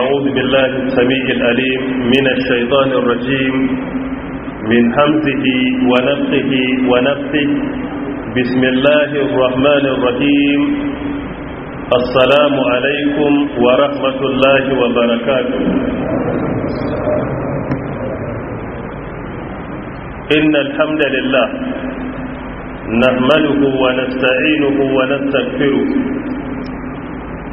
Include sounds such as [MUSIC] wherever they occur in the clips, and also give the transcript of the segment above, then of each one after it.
أعوذ بالله السميع الأليم من الشيطان الرجيم من همزه ونفسه ونفسه بسم الله الرحمن الرحيم السلام عليكم ورحمة الله وبركاته إن الحمد لله نحمده ونستعينه ونستغفره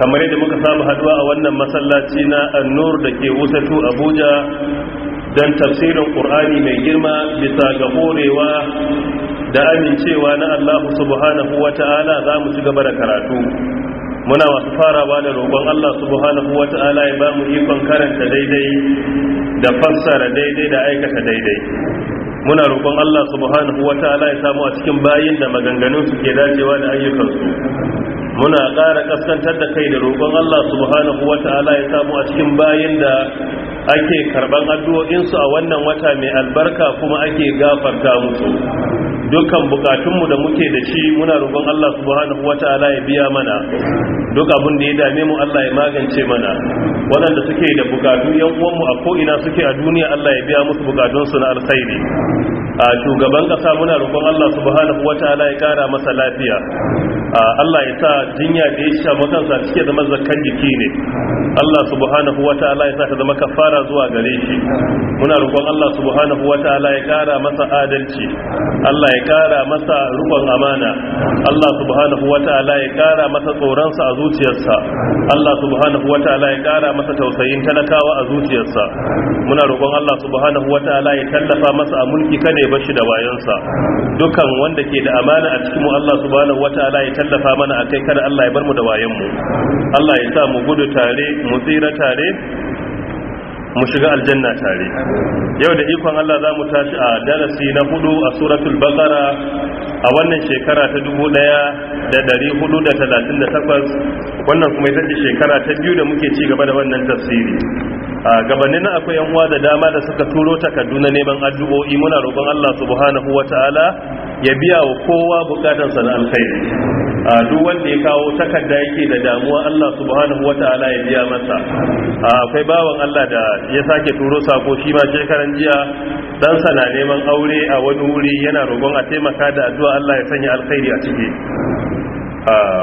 kamar yadda muka samu haduwa a wannan masallaci na annur da ke wutatu abuja don tafsirin ƙur'ani mai girma bisa ga horewa da amincewa na allahu subhanahu wa ta'ala za mu ci gaba da karatu muna masu farawa da roƙon allah subhanahu wa ta'ala ya ba mu ikon karanta daidai da fassara daidai da aikata daidai muna roƙon allah subhanahu wa ta'ala ya samu a cikin bayin da maganganun su ke dacewa da ayyukansu muna ƙara ƙaskantar da kai da roƙon Allah subhanahu wa ta'ala ya samu a cikin bayan da ake karɓar addu'o'insu a wannan wata mai albarka kuma ake gafarta musu dukkan bukatunmu da muke da shi muna roƙon Allah subhanahu wataala ya biya mana duk abin da ya dame mu Allah ya magance mana waɗanda suke da bukatu yan uwanmu a ko'ina suke a duniya Allah ya biya musu bukatunsu na alkhairi a shugaban ƙasa muna roƙon Allah subhanahu wataala ya ƙara masa lafiya Allah ya sa jinya da ya sha makansa cike zama zakkan jiki ne Allah subhanahu wataala ya sa ta zama kafara zuwa gare shi muna roƙon Allah subhanahu wataala ya ƙara masa adalci Allah ya kara masa rubon amana Allah subhanahu wataala ya kara masa tsoronsa a zuciyarsa Allah subhanahu wataala ya kara masa tausayin talakawa a zuciyarsa muna roƙon Allah subhanahu wataala ya tallafa masa a mulki kane bashi da wayansa dukan wanda ke da amana a cikin mu Allah subhanahu wataala ya tallafa mana kai kada Allah ya bar mu da wayan mu Allah ya sa mu gudu tare mu tsira tare mu shiga aljanna tare yau da ikon Allah za mu tashi a darasi na hudu a suratul baqara a wannan shekara ta 1438 wannan kuma ita ce shekara ta biyu da muke ci gaba da wannan tafsiri a gabanin akwai yan uwa da dama da suka turo takardu na neman addu'o'i muna roƙon Allah subhanahu wataala ya biya wa kowa bukatarsa na alkhairi a duk wanda ya kawo takarda yake da damuwa Allah subhanahu wata'ala ya biya masa akwai bawan Allah da ya sake turo sako shi ma shekaran jiya dan sana neman aure a wani wuri yana rogon a taimaka da addu'a Allah ya sanya alkhairi a ciki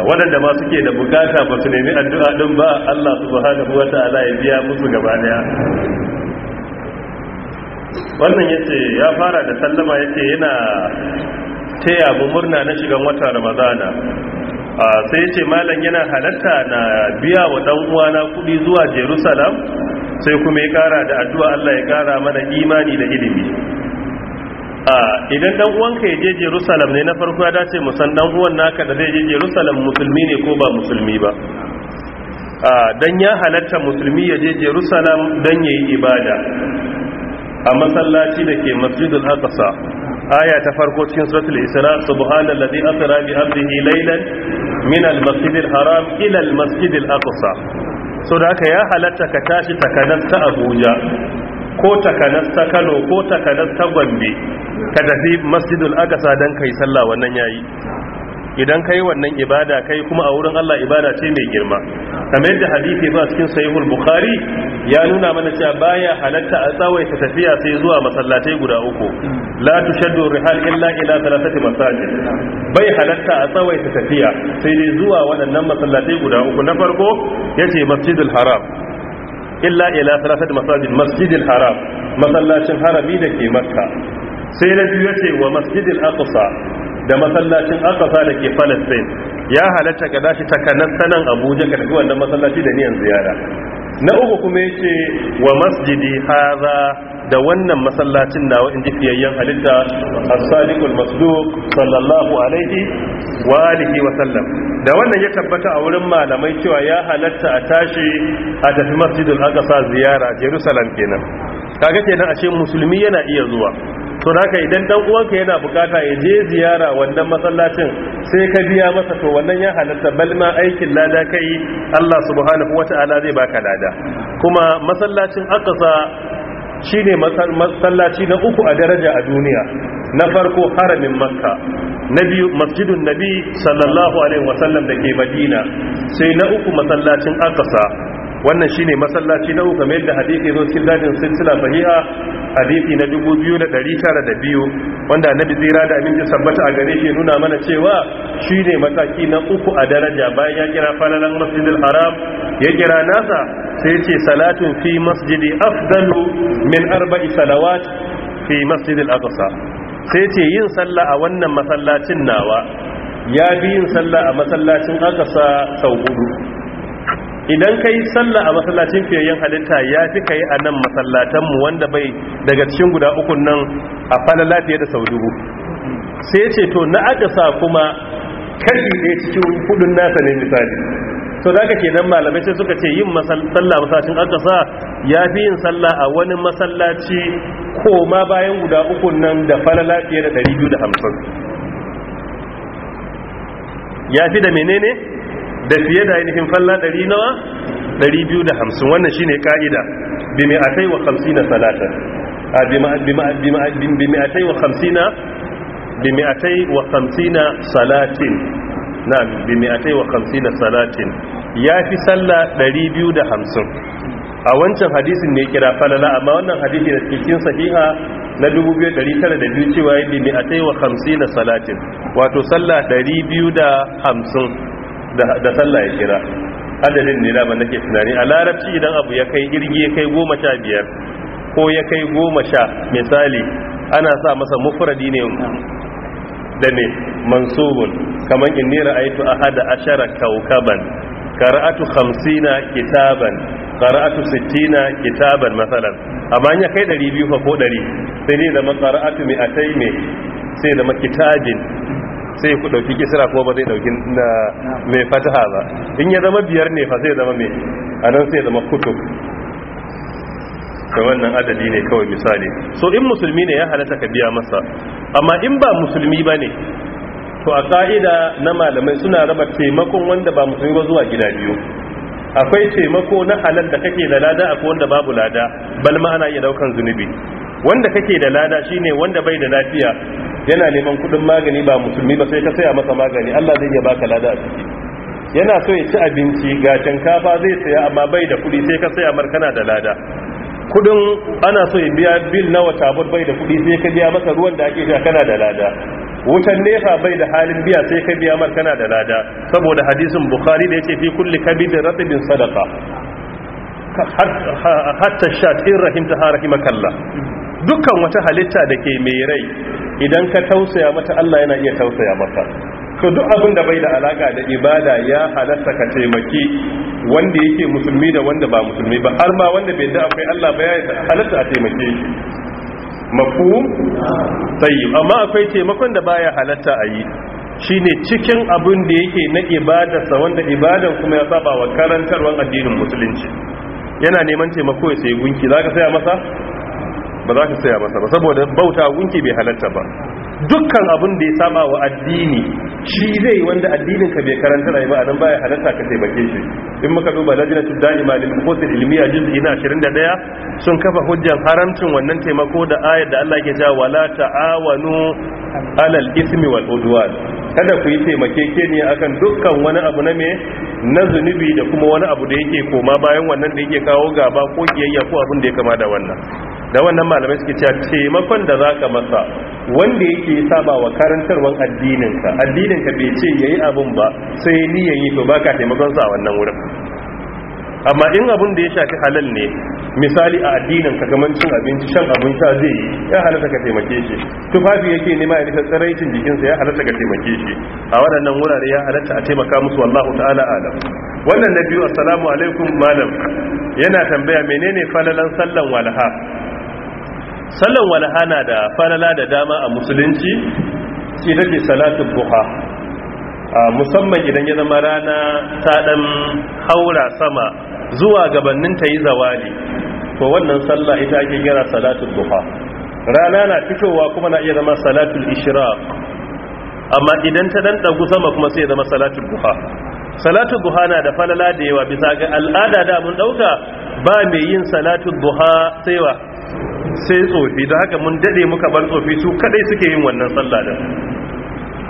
waɗanda ma suke da bukata ba su nemi addu'a din ba Allah subhanahu wata'ala ya biya musu gaba daya wannan yace ya fara da sallama yace yana taya mu murna na shigan wata ramadana sai ce malam yana halatta na biya wa dan uwana kudi zuwa jerusalem sai kuma ya kara da addu'a Allah ya kara mana imani da ilimi idan dan uwanka ya je jerusalem ne na farko ya dace mu san dan uwan naka da zai je jerusalem musulmi ne ko ba musulmi ba dan ya halatta musulmi ya je jerusalem dan yayi ibada a masallaci da ke masjidul aqsa aya ta farko cikin suratul isra subhanallazi asra bi abdihi laylan min al-masjidil haram ila al-masjidil aqsa so da aka ya halatta ka tashi takanasta abuja ko takanasta kano ko takanasta gombe ka tafi masjidin aqsa dan kai sallah wannan yayi idan kai wannan ibada kai kuma a wurin Allah ibada ce mai girma kamar yadda hadisi ba cikin sahihul bukhari ya nuna mana cewa baya halatta a tsawaita tafiya sai zuwa masallatai guda uku la tushaddu rihal illa ila thalathati masajid bai halatta a tsawaita tafiya sai dai zuwa waɗannan masallatai guda uku na farko yace masjidul haram illa ila thalathati masajid masjidul haram masallacin harami da ke makka sai na biyu yace wa masjidil aqsa da masallacin akasa da ke Palestine ya halatta ka dashi takanas sanan Abuja ka tafi wannan masallaci da niyan ziyara na uku kuma ya ce wa masjidi hadha da wannan masallacin nawa in ji fiyayyen halitta as-sadiqul masduq sallallahu alaihi wa alihi wa sallam da wannan ya tabbata a wurin malamai cewa ya halatta a tashi a tafi masjidul aqsa ziyara Jerusalem kenan kaga kenan ashe musulmi yana iya zuwa so da idan dan uwanka yana bukata ya je ziyara wannan masallacin sai ka biya masa to wannan ya halatta balma aikin lada kai Allah subhanahu wata'ala zai baka lada kuma masallacin aqsa shine masallaci na uku a daraja a duniya na farko haramin makka na biyu masjidun nabi sallallahu alaihi wasallam da ke madina sai na uku masallacin aqsa wannan shine masallaci na uku kamar yadda hadisi zo cikin dajin silsila sahiha hadisi na 2902 wanda annabi tsira da aminci sabbata a gare shi nuna mana cewa shi ne mataki na uku a daraja bayan ya kira falalan masjidil haram ya kira nasa sai ce salatun fi masjidi afdalu min arba'i salawat fi masjidil aqsa sai ce yin sallah a wannan masallacin nawa ya bi yin sallah a masallacin aqsa sau hudu idan ka yi sallah a masallacin fiyayyen halitta ya fi yi a nan masallatanmu wanda bai daga cikin guda ukun nan a fana lafiya da sau dubu sai ce to na akasa kuma karfi ɗaya cikin hudun nasa ne misali to da ke nan malamai sai suka ce yin sallah masallacin akasa ya fi yin sallah a wani masallaci ko ma bayan guda ukun nan da fana lafiya da 250 ya fi da menene da fiye da ainihin falla ɗari nawa ɗari biyu da hamsin wannan shine ka'ida bi mai atai wa hamsin na bi atai wa bi atai wa salatin bi atai wa salatin ya fi salla ɗari biyu da hamsin a wancan hadisin ne kira falala amma wannan hadisi da cikin sahiha na 2902 cewa yadda mai atai wa hamsin na salatin wato salla 250 da sallah ya kira adadin ne da nake tunani a larabci idan abu ya kai girgi ya kai goma sha biyar ko ya kai goma sha misali ana sa masa mufradi ne da ne mansubun kamar in inni ra'aytu ahada ashara kaukaban qara'atu hamsina kitaban qara'atu sittina kitaban matsalar. amma ya kai 200 biyu ko ɗari sai ne da qara'atu 200 ne sai da kitabin sai ku dauki kisra ko ba zai dauki mai fataha ba in ya zama biyar ne fa zai zama mai anan sai zama kutub da wannan adadi ne kawai misali so in musulmi ne ya halatta ka biya masa amma in ba musulmi ba ne to a ka'ida na malamai suna raba taimakon wanda ba musulmi ba zuwa gida biyu akwai taimako na halal da kake da lada akwai wanda babu lada bal ma ana iya daukan zunubi wanda kake da lada shine wanda bai da lafiya yana neman kudin magani ba musulmi ba sai ka saya masa magani Allah zai iya baka lada a ciki yana so ya ci abinci ga shinkafa zai saya amma bai da kudi sai ka saya kana da lada kudin ana so ya biya bil na wata bud bai da kudi sai ka biya masa ruwan da ake sha kana da lada wutan nefa bai da halin biya sai ka biya kana da lada saboda hadisin bukhari da yake fi kulli kabidin ratibin sadaqa hatta shat in rahimta ha rahimakallah dukkan wata halitta da ke mai rai idan ka tausaya mata Allah yana iya tausaya mata to duk abin da bai da alaka da ibada ya halatta ka taimaki wanda yake musulmi da wanda ba musulmi ba har ma wanda bai da akwai Allah ba ya halatta a taimake shi mafhum sai amma akwai taimakon da baya halatta a yi shine cikin abin da yake na sa, wanda ibadan kuma ya saba wa karantarwar addinin musulunci yana neman taimako ya sai gunki zaka saya masa ba za ka saya masa ba saboda bauta gunki bai halatta ba dukkan abin da ya saba wa addini shi zai wanda addinin ka bai karanta rayuwa ba a nan baya halatta ka taimake shi in muka duba lajinatu da'ima lil qutul ilmiya juz'i na 21 sun kafa hujjan haramcin wannan taimako da ayar da Allah ke cewa wala ta'awanu alal ismi wal udwan kada ku yi taimake ni akan dukkan wani abu na me na zunubi da kuma wani abu da yake koma bayan wannan da yake kawo gaba ko kiyayya ko abin da ya kama da wannan da wannan malamai suke cewa taimakon da zaka masa wanda yake saba wa karantarwan addininka addininka bai ce yayi abun ba sai niyan yi to baka taimakon sa a wannan wurin amma in abun da ya shafi halal ne misali a addinin ka kaman cin abinci shan abin sha zai yi ya halatta ka taimake shi tufafi yake nema ya rufe tsaraicin jikinsa ya halatta ka taimake shi a waɗannan wurare ya halatta a taimaka musu wallahu ta'ala alam wannan na biyu assalamu alaikum malam yana tambaya menene falalan sallan walha sallan wani hana da falala da dama a musulunci shi take buha. duha musamman idan ya zama rana ta dan haura sama zuwa gabanin ta yi zawali to wannan sallah ita ake kira salatun duha rana na fitowa kuma na iya zama salatun ishira, amma idan ta dan dagu sama kuma sai ya zama salatun buha. Salatun duha na da falala da yawa bisa ga al'ada da mun dauka ba mai yin salatun duha sai wa sai tsofi da haka mun dade muka bar tsofi su kadai suke yin wannan sallah da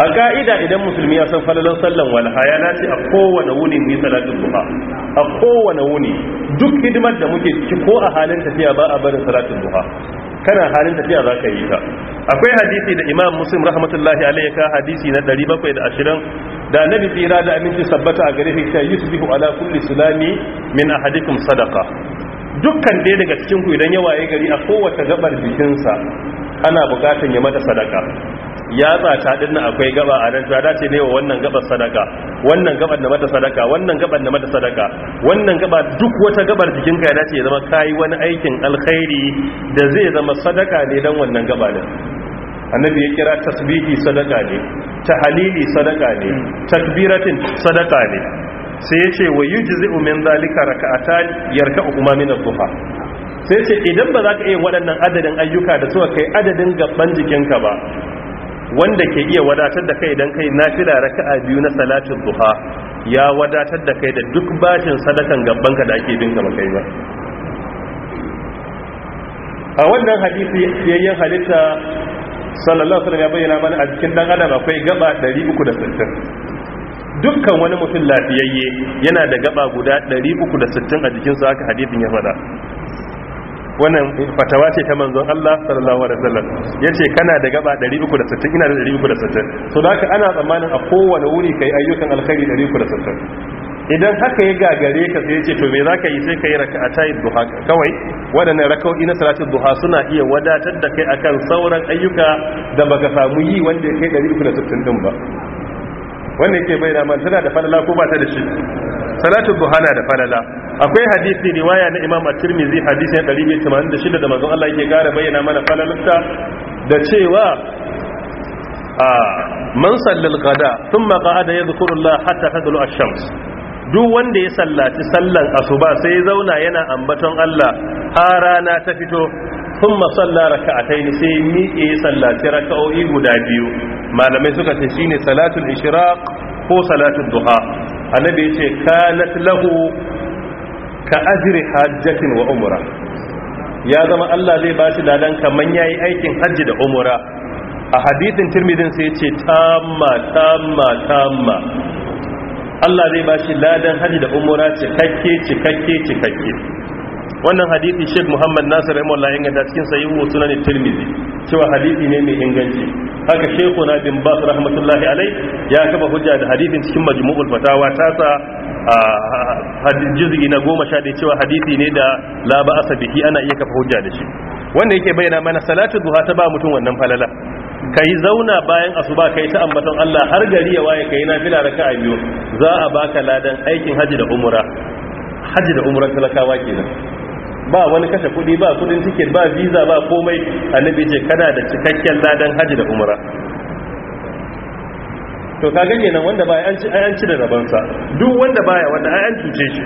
a ka'ida idan musulmi ya san falalan sallan walha ya nace a kowane wuni ni salatul duha a kowane wuni duk hidimar da muke ciki ko a halin tafiya ba a barin salatul duha kana halin tafiya za ka yi ta akwai hadisi da imam muslim rahmatullahi alaihi ka hadisi na 720 da annabi tsira da aminci sabbata a gare shi ta yusbihu ala kulli sulami min ahadikum sadaqa dukkan dai daga cikin ku idan ya waye gari a kowace gabar jikinsa ana bukatan ya mata sadaka ya tsata din nan akwai gaba a nan ta dace ne wa wannan gabar sadaka wannan gabar da mata sadaka wannan gabar da mata sadaka wannan gaba duk wata gabar ka ya dace ya zama kai wani aikin alkhairi da zai zama sadaka ne dan wannan gaba din annabi ya kira tasbihi sadaka ne tahlili sadaka ne takbiratin sadaka ne sai ya ce wa yi jizi umin zalika ta yarka ukuma min sai ce idan ba za ka iya waɗannan adadin ayyuka da suka kai adadin gaban jikinka ba wanda ke iya wadatar da kai idan kai nafila a biyu na salatin duha ya wadatar da kai da duk bashin sadakan gabanka da ake bin gaba kai ba a wannan hadisi yayyen halitta sallallahu alaihi wasallam ya bayyana mana a cikin dan adam akwai gaba 360 dukkan wani mutum lafiyayye yana da gaba guda 360 a jikinsu haka hadithin ya faɗa wannan fatawa ce ta manzon Allah sallallahu alaihi wasallam yace kana da gaba 360 ina da 360 so haka ana tsammanin a kowane wuri kai ayyukan alkhairi 360 idan haka ya gagare ka sai yace to me zaka yi sai kai rak'atay duha kawai wadannan raka'o'i na salatul duha suna iya wadatar da kai akan sauran ayyuka da baka samu yi wanda kai 360 din ba wannan yake bai da man tana da falala ko ba ta da shi salatu duha na da falala akwai hadisi riwaya na imam at-tirmidhi hadisi na 186 da manzon Allah yake gara bayyana mana falalarta da cewa a man sallal qada thumma qa'ada yadhkuru Allah hatta tadlu ash-shams duk wanda ya sallaci sallan asuba sai ya zauna yana ambaton Allah har rana ta fito sun masalla raka'atai ne sai miƙe ya sallaci raka'o'i guda biyu malamai suka ce shine salatun ishraq ko salatun duha annabi ya ce kanat lahu ka ajri hajjatin wa umra ya zama Allah zai ba shi ladan kaman yayi aikin hajji da umra a hadithin tirmidhin sai ya ce tamma tamma tamma Allah zai ba shi ladan hajji da umra cikakke cikakke cikakke wannan hadisi sheikh muhammad nasir rahimahullah inganta cikin sahihu sunan tirmidhi cewa hadisi ne mai inganci haka sheikhuna bin bas rahmatullahi alai ya kafa hujja da hadisin cikin majmu'ul fatawa sa a juz'i na goma sha cewa hadisi ne da la ba'asa bihi ana iya kafa hujja da shi wanda yake bayyana mana salatu duha ta ba mutum wannan falala kai zauna bayan asuba kai ta ambaton Allah har gari ya waye kai na fila raka'a biyu za a baka ladan aikin haji da umra haji da umran talakawa kenan ba wani kashe kudi ba kudin tiket ba visa ba komai annabi ce kana da cikakken ladan haji da umra to ka ganye nan wanda ba an ci da rabansa duk wanda baya wanda an tuce shi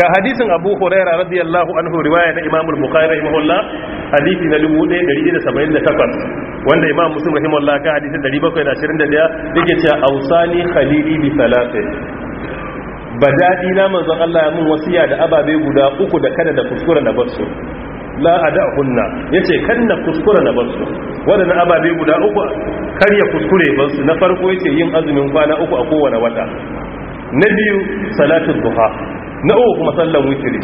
ga hadisin abu huraira radiyallahu anhu riwaya na imam bukhari rahimahullah hadisi na 1178 wanda imam muslim rahimahullah ka hadisi 721 yake cewa ausani khalili bi salati ba daɗi na manzon Allah ya mun wasiya da ababe guda uku da kada da kuskura na barsu la adahunna yace kan na kuskura na barsu wadannan ababe guda uku kar ya kuskure barsu na farko yace yin azumin kwana uku a kowane wata na biyu salatin duha na uku kuma sallan witri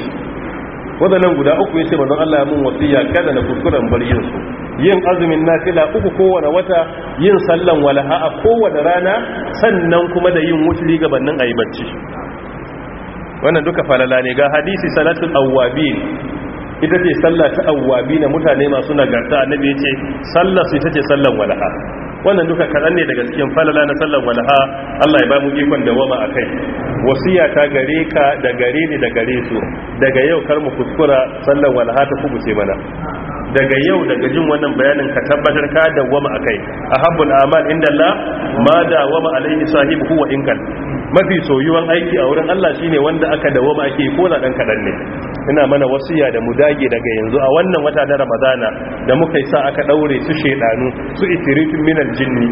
wadannan guda uku yace manzon Allah ya mun wasiya kada na kuskuren bar yin su yin azumin nafila uku kowane wata yin sallan walaha a kowane rana sannan kuma da yin wuturi gabanin ayi bacci wannan duka falala ne ga hadisi salatul awwabin ita ce sallah ta awwabi na mutane masu nagarta annabi ya ce sallah su ita ce sallan walaha wannan duka kaɗan ne daga cikin falala na sallan walaha Allah ya ba mu ikon da a kai wasiya ta gare ka da gare ni da gare su daga yau kar mu kuskura sallan walaha ta kubuce mana daga yau daga jin wannan bayanin ka tabbatar ka dawwama akai ahabbul amal inda Allah ma dawwama alaihi sahibu wa inkal mafi soyuwan aiki a wurin Allah shine wanda aka wama ake ko na dan kadan ne ina mana wasiya da mu dage daga yanzu a wannan wata na Ramadana da muka sa aka daure su shedanu su itirifin minal jinni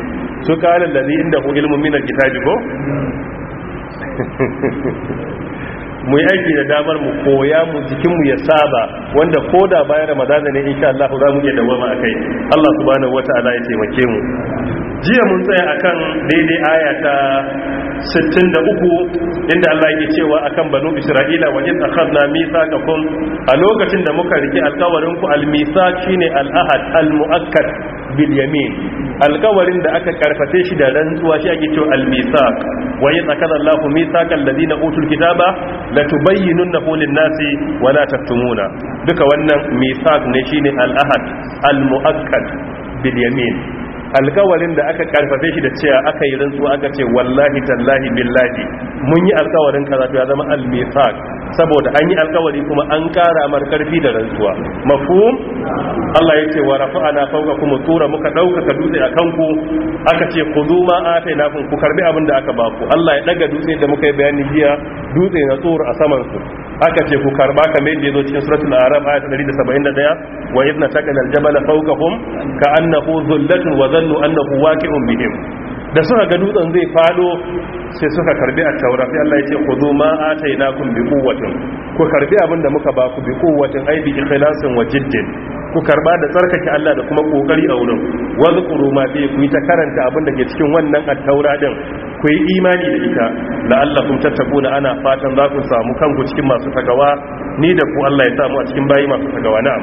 su ladhi inda hu ilmun minal kitabi ko [LAUGHS] mu yi aiki da damar mu koya mu jikin mu ya saba wanda ko da bayan ramadana ne insha Allah za mu iya dawama akai Allah subhanahu wataala ya taimake mu jiya mun tsaya akan daidai aya ta 63 inda Allah yake cewa akan banu Isra'ila wa in akhadna mithaqakum a lokacin da muka riki alkawarin ku almisa shine al'ahad ahad al-muakkad bil yamin alkawarin da aka karfafe shi da rantsuwa shi ake cewa al wa in akhadha Allahu mithaqal ladina utul kitaba la tubayyinunna lin nasi wa la taktumuna duka wannan mithaq ne shine al ahad al muakkad bil yamin alkawarin da aka karfafe shi da cewa aka yi rantsuwa aka ce wallahi tallahi billahi mun yi alkawarin karatu ya zama al mithaq saboda an yi alkawari kuma an kara mar karfi da rantsuwa mafhum Allah yace wa rafa'ana kum tura muka dauka dutse akan ku aka ce khudhu ma nafin ku karbi abin da aka baku Allah ya daga dutse da muka yi bayani jiya dutse na tsoro a saman su aka ce ku karba kamar yadda yazo cikin suratul araf aya 171 wa idna taqana aljabala fawqahum ka'annahu dhullatun wa dhannu annahu waqi'un bihim da suka ga dutsen zai fado sai suka karbi a taura sai Allah ya ce ku zo ma a ta kun bi quwwatin ku karbi abin da muka ba ku bi quwwatin ai bi ikhlasin wa jiddin ku karba da tsarkake Allah da kuma kokari a wurin kuro ma bi ku yi ta karanta abin da ke cikin wannan a taura din ku yi imani da ita la'allakum na ana fatan za ku samu kanku cikin masu tagawa ni da ku Allah ya samu a cikin bayi masu tagawa na'am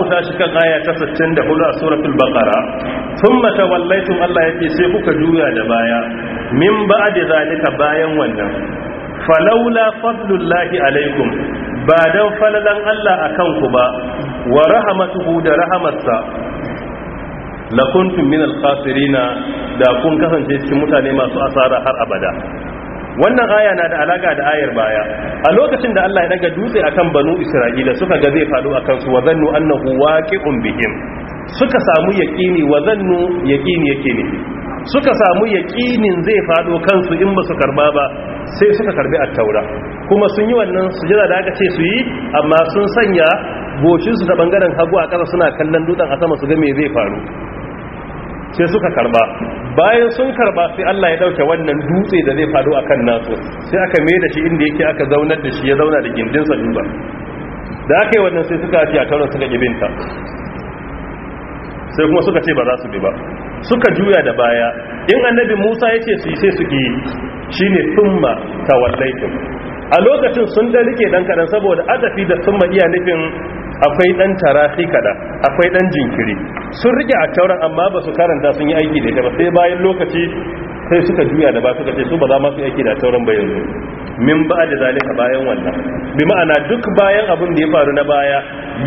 mu tashi kan aya ta 64 a suratul baqara thumma tawallaytum Allah yace sai kuka juya da baya min ba'di zalika bayan wannan falaula fadlullahi alaikum ba dan falalan Allah akan ku ba wa rahmatuhu da rahamarsa lakuntum min na, da kun kasance cikin mutane masu asara har abada wannan aya na da alaka da ayar baya a lokacin da Allah ya daga dutse akan banu Isra'ila suka ga zai faɗo akan su wa annahu waqi'un bihim suka samu yaqini wa yaqini yake ne suka samu yaqinin zai faɗo kansu in ba su karba ba sai suka karbi at-taura kuma sun yi wannan sujada da aka ce su yi amma sun sanya goshin su da bangaren hagu a ƙasa suna kallon dutsen a sama su ga me zai faru sai suka karba bayan sun karba sai Allah ya dauke wannan dutse da zai fado kan nasu sai aka mai da shi inda yake aka zaunar da shi ya zauna da gindin sa duba da aka yi wannan sai suka ci a tauran suka gibinta sai kuma suka ce ba za su bi ba suka juya da baya in annabi musa ya ce su yi sai su ki shi ne tumma ta a lokacin sun da rike dan kadan saboda adafi da tumma iya nufin akwai dan tarafi kada akwai dan jinkiri sun rike a tauran amma ba su karanta sun yi aiki da ita ba sai bayan lokaci sai suka juya da ba suka ce su ba za ma su aiki da tauran ba yanzu min ba da zalika bayan wannan bi ma'ana duk bayan abin da ya faru na baya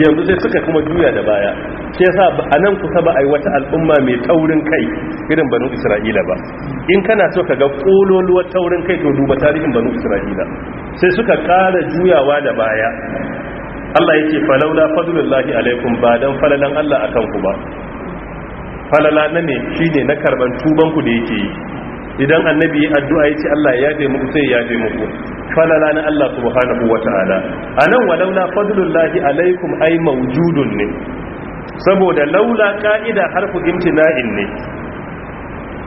yanzu sai suka kuma juya da baya ke yasa a nan kusa ba a yi wata al'umma mai taurin kai irin banu isra'ila ba in kana so ka ga kololuwar taurin kai to duba tarihin banu isra'ila sai suka kara juyawa da baya Allah yake falaula fadlullahi alaikum ba dan falalan Allah akan ku ba falala na ne shine na karban tuban ku da yake yi idan annabi ya addu'a yace Allah ya ga muku sai ya ga muku falala na Allah subhanahu wataala anan walaula fadlullahi alaikum ai mawjudun ne saboda laula ka'ida harfu imtina'in ne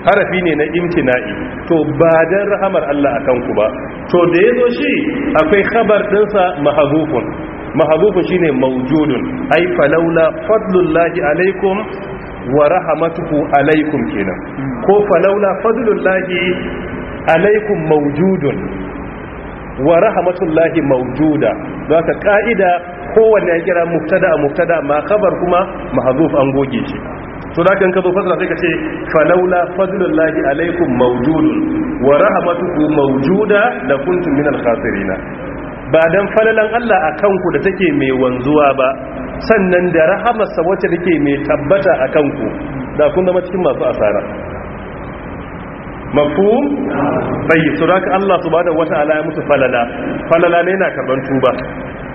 harafi ne na imtina'i to ba dan rahamar Allah akan ku ba to da yazo shi akwai khabar dinsa mahzufun mahazufu shine maujudun ai laula fadlullahi alaikum wa rahmatuhu alaikum kenan ko falaula fadlullahi alaikum maujudun wa rahmatullahi maujuda don ka ka'ida kowanne ya kira mubtada mubtada ma khabar kuma mahazuf an goge shi to da kan ka zo fasara sai ka ce falaula fadlullahi alaikum maujudun wa rahmatuhu maujuda la kuntum min al-khasirin ba don falalan Allah a kanku da take mai wanzuwa ba sannan da rahamarsa wacce take mai tabbata a kanku da kun zama cikin masu asara mafhum bai suraka Allah subhanahu wata'ala ya musu falala falala ne na karban tuba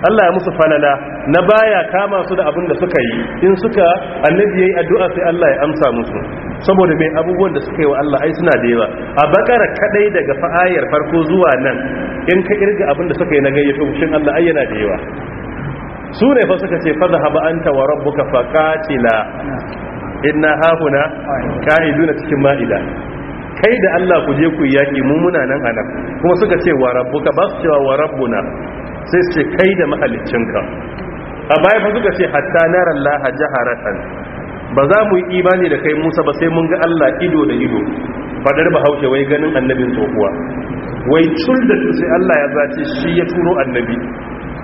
Allah ya musu falala na baya kama su da abin da suka yi in suka annabi yayi addu'a sai Allah ya amsa musu saboda mai abubuwan da suka yi wa Allah ai suna da yawa a bakara kadai daga fa'ayar farko zuwa nan in ka kirga abin da suka yi na gayyato shin Allah ai yana da yawa su ne fa suka ce zahaba anta wa rabbuka qatila inna hahuna ka'iduna cikin ma'ida kai da Allah ku je ku yaki mu muna nan anan kuma suka ce wa rabbuka ba su cewa wa rabbuna sai su ce kai da mahaliccinka a baya fa suka ce hatta nara Allah jaharatan ba za mu yi imani da kai musa ba sai mun ga allah ido da ido fadar ba haushe wai ganin annabin tsohuwa wai cul da sai allah ya zace shi ya turo annabi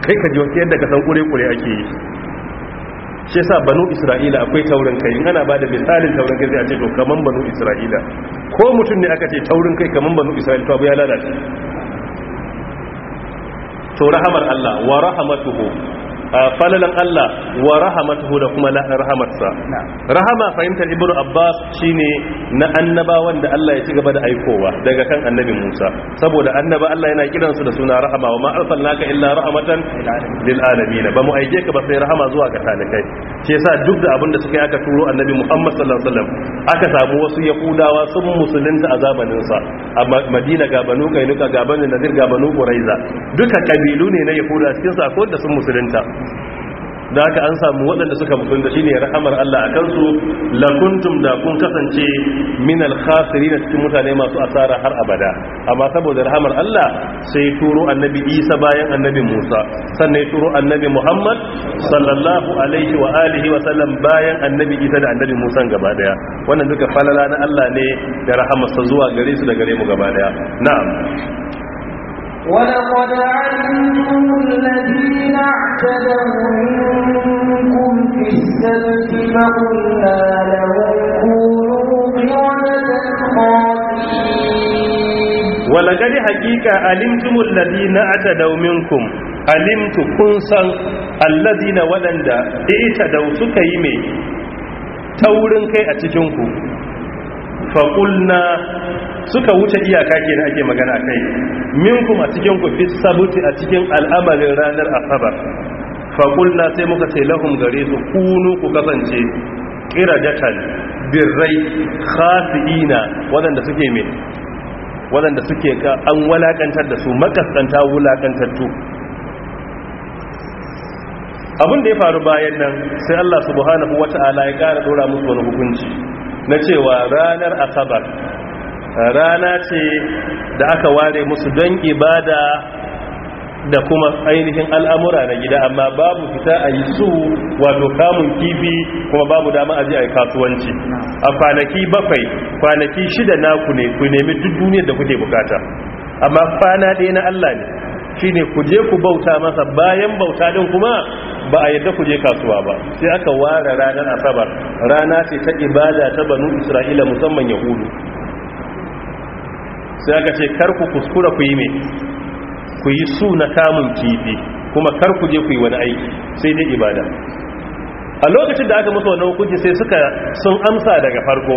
kai ka ji wata yadda ka san kure-kure ake yi shi sa banu isra'ila akwai taurin kai in ana bada misalin taurin kai zai a ce to kaman banu isra'ila ko mutum ne aka ce taurin kai kaman banu isra'ila to abu ya lalace to rahamar Allah wa rahmatuhu falalan Allah wa rahamatuhu da kuma rahamarsa rahama fahimtar ibnu abbas shine na annaba wanda Allah ya ci gaba da aikowa daga kan annabi Musa saboda annaba Allah yana kiran kiransu da suna rahama wa ma arsalnaka illa rahmatan lil alamin ba mu aike ka ba sai rahama zuwa ga talakai shi yasa duk da abin da suka yi aka turo annabi Muhammad sallallahu alaihi wasallam aka samu wasu yahudawa sun musulunta a zamanin sa a Madina ga Banu Kainuka ga Banu Nadir ga Banu Quraiza duka kabilu ne na yahuda cikin sa ko da sun musulunta da haka an samu waɗanda suka mutunta ne rahamar Allah a kansu lakuntum da kun kasance min al-khasirin cikin mutane masu asara har abada amma saboda rahamar Allah sai turo annabi Isa bayan annabi Musa sannan turo annabi Muhammad sallallahu alaihi wa alihi wa sallam bayan annabi Isa da annabi Musa gaba daya wannan duka falala na Allah ne da rahamarsa zuwa gare su da gare mu gaba daya na'am ولقد علمتم الذين اعتدوا منكم في السبت فقلنا لهم كونوا قردة ولقد حقيقة علمتم الذين اعتدوا منكم alimtu kun san allazina waɗanda ita da suka yi mai taurin kai a cikinku faƙulna suka wuce iyaka kenan ake magana kai min kuma cikin ku fi sabuti a cikin al'amarin ranar asabar faƙulna sai muka ce lahum gare su kunu ku kasance jatal, birrai khasi'ina wadanda suke mai wadanda suke ka an walakantar da su makasanta tu. abin da ya faru bayan nan sai Allah subhanahu wata'ala ya ƙara ɗora musu wani hukunci na cewa ranar asabar rana ce da aka ware musu don ibada da kuma ainihin al'amura na gida amma babu fita a yi su wato kamun kifi kuma babu dama a a kasuwanci a kwanaki bakwai kwanaki shida na ku ne ku nemi duk duniyar da kuke bukata amma kwana ɗaya na Allah ne shi ne ku je ku bauta masa bayan bauta ɗin kuma ba a yadda ku je kasuwa ba sai aka ware ranar asabar rana ce ta ibada ta banu isra'ila musamman yahudu sai aka ce kar ku kuskura ku yi mai ku yi su na kamun kifi kuma kar ku je ku yi wani aiki sai dai ibada a lokacin da aka musu wani hukunci sai suka sun amsa daga farko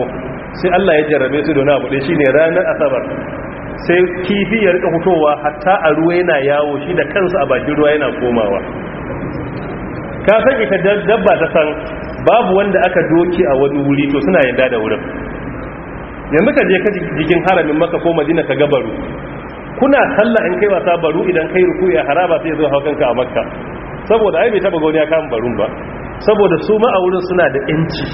sai Allah ya jarrabe su da wani abu ɗaya shine ranar asabar sai kifi ya rika hutowa, hatta a ruwa yana yawo shi da kansa a bakin ruwa yana komawa ka san ita dabba ta san babu wanda aka doki a wani wuri to suna yadda da wurin yanzu ka je ka jikin haramin maka ko madina ka gabaru kuna sallah in kai wasa baru idan kai ruku ya haraba sai zo haukanka a makka saboda ai bai taba gauniya kan kama barun ba saboda su ma a wurin suna da yanci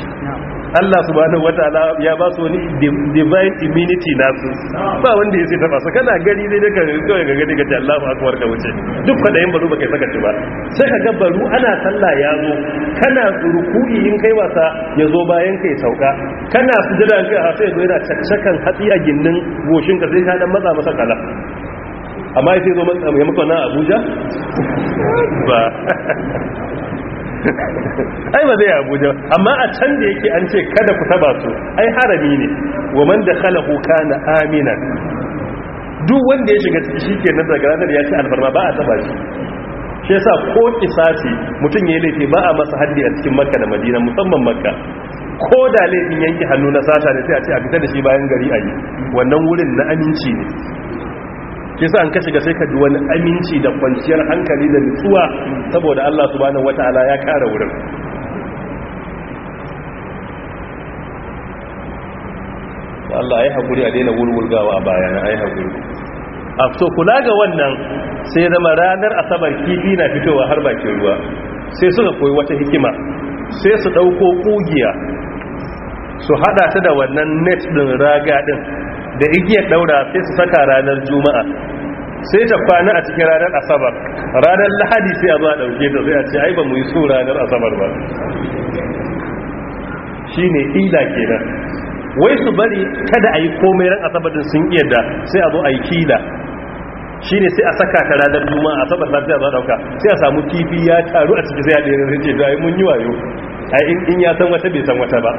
Allah subhanahu wataala ya ba su wani divine immunity nasu ba wanda ya sai taba su kana gari zai daga kawai ga gari gaji Allahu akbar ka wuce duk kada yin baro baka saka ci ba sai ka gabaru ana sallah ya zo kana ruku'i in kai wasa ya zo bayan kai sauka kana sujada ka ha sai zo yana cakcakan hatsi a ginnin goshin ka sai ka dan matsa masa kala amma sai zo matsa mai maka na Abuja ba [LAUGHS] ai ba zai abuja amma a can da yake an ce kada ku taba su ai harami ne wa man da khalaqu kana Amina duk wanda ya shiga ciki na daga ranar ya ce alfarma ba a taba shi shi yasa ko kisasi mutum ya laifi ba a masa haddi a cikin makka da madina musamman makka ko da laifin yanki hannu na sata ne sai a ce a fita da shi bayan gari a yi wannan wurin na aminci ne kisa an ka shiga sai ka ji wani aminci da kwanciyar hankali da nutsuwa saboda Allah subhanahu wataala ya kara wurin Allah ya haƙuri a daina wurwurgawa a baya na ya haƙuri a so kula ga wannan sai zama ranar asabar kifi na fitowa har bakin ruwa sai suka koyi wata hikima sai su ɗauko ƙugiya su haɗa ta da wannan net ɗin raga ɗin da igiyar daura sai su saka ranar juma'a sai ta kwana a cikin ranar asabar ranar lahadi sai a zuwa a dauke ta sai a ce ai ba mu yi su ranar asabar ba shine ila kenan wai su bari kada a yi komai ran asabar din sun iya da sai a zo a yi kila shine sai a saka ta ranar juma'a asabar sai a zuwa dauka sai a samu kifi ya taru a ciki sai a ɗaya sai ce da mun yi wayo ai in ya san wata bai san wata ba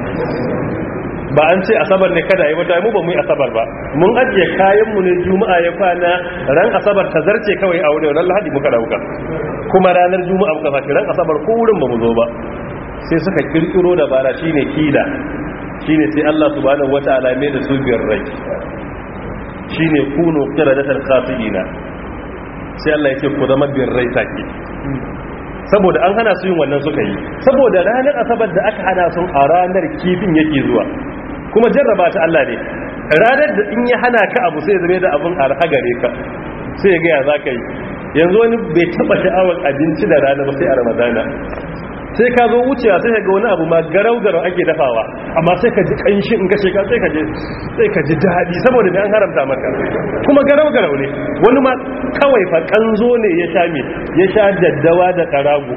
ba an ce asabar ne kada yi wata mu ba mu yi asabar ba mun ajiye kayan mu ne juma'a ya kwana ran asabar ta zarce kawai a wurin lahadi muka dauka kuma ranar juma'a muka sake ran asabar ko wurin ba mu zo ba sai suka kirkiro da bara shine kila shine sai Allah subhanahu wataala mai da su biyar rai shine kunu qiradatul khatiina sai Allah yake ku zama biyar rai take saboda an hana su yin wannan suka yi saboda ranar asabar da aka hana sun a ranar kifin yake zuwa kuma jarraba ta Allah ne ranar da in ya hana ka abu sai zame da abun arha gare ka sai ya gaya za ka yi yanzu wani bai taba sha'awar abinci da rana ba sai a ramadana sai ka zo wucewa sai ka ga wani abu ma garau garau ake dafawa amma sai ka ji kanshi in ka sai ka ji sai ka ji dadi saboda ne an haramta maka kuma garau garau ne wani ma kawai fa kanzo ne ya sha mi ya sha daddawa da karago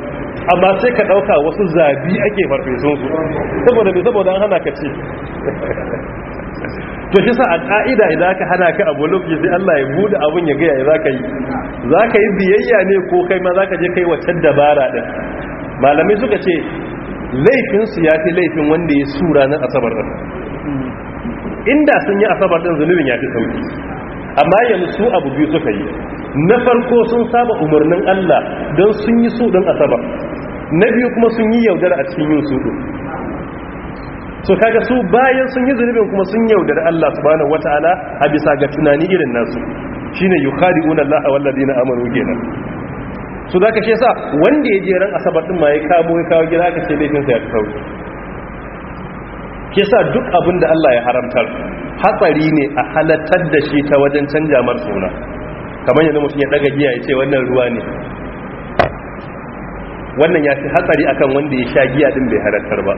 amma sai ka dauka wasu zabi ake farfesun su saboda ne saboda an hana ka ci to shi sa a ka'ida idan aka hana ka abu lokaci sai Allah ya bude abun ya gaya za ka yi za ka yi biyayya ne ko kai ma za ka je kai wacce dabara din malamai suka ce laifinsu ya fi laifin wanda ya sura ranar asabar ɗin inda sun yi asabar ɗin zunubin ya fi sauki amma yanzu su abu biyu suka yi na farko sun saba umarnin Allah don sun yi su ɗin asabar na biyu kuma sun yi yaudara a cikin yin su ɗin so kaga su bayan sun yi zunubin kuma sun yaudara Allah wata ala a bisa ga tunani irin nasu shine yukhadi'una Allah wal ladina amanu kenan su za ka sa wanda ya je ran asabar ɗin ma ya kamo ya kawo gida aka ce laifinsa ya fi sauki ke sa duk abin da Allah ya haramtar hatsari ne a halattar da shi ta wajen canja mar suna kamar yanzu mutum ya daga giya ya ce wannan ruwa ne wannan ya fi hatsari akan wanda ya sha giya din bai halattar ba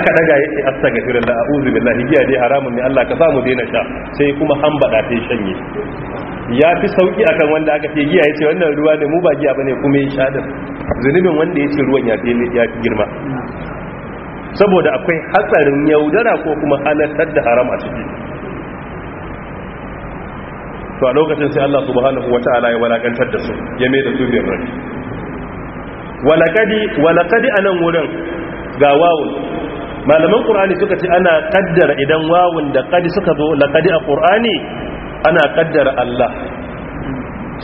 aka daga ya ce astaghfirullah a'udhu billahi giya dai haramun ne Allah ka samu daina sha sai kuma hambada ta shanye ya fi sauki akan wanda aka ce giya ya ce wannan ruwa da mu ba giya bane kuma ya sha zunubin wanda ya ce ruwan ya fi girma saboda akwai hatsarin yaudara ko kuma halartar da haram a ciki to a lokacin sai Allah subhanahu ta'ala ya walakantar da su ya mai da su biyar rai walakadi walakadi a nan wurin ga wawun malaman ƙur'ani suka ce ana kaddara idan wawun da kadi suka zo laqadi a ƙur'ani ana kaddara Allah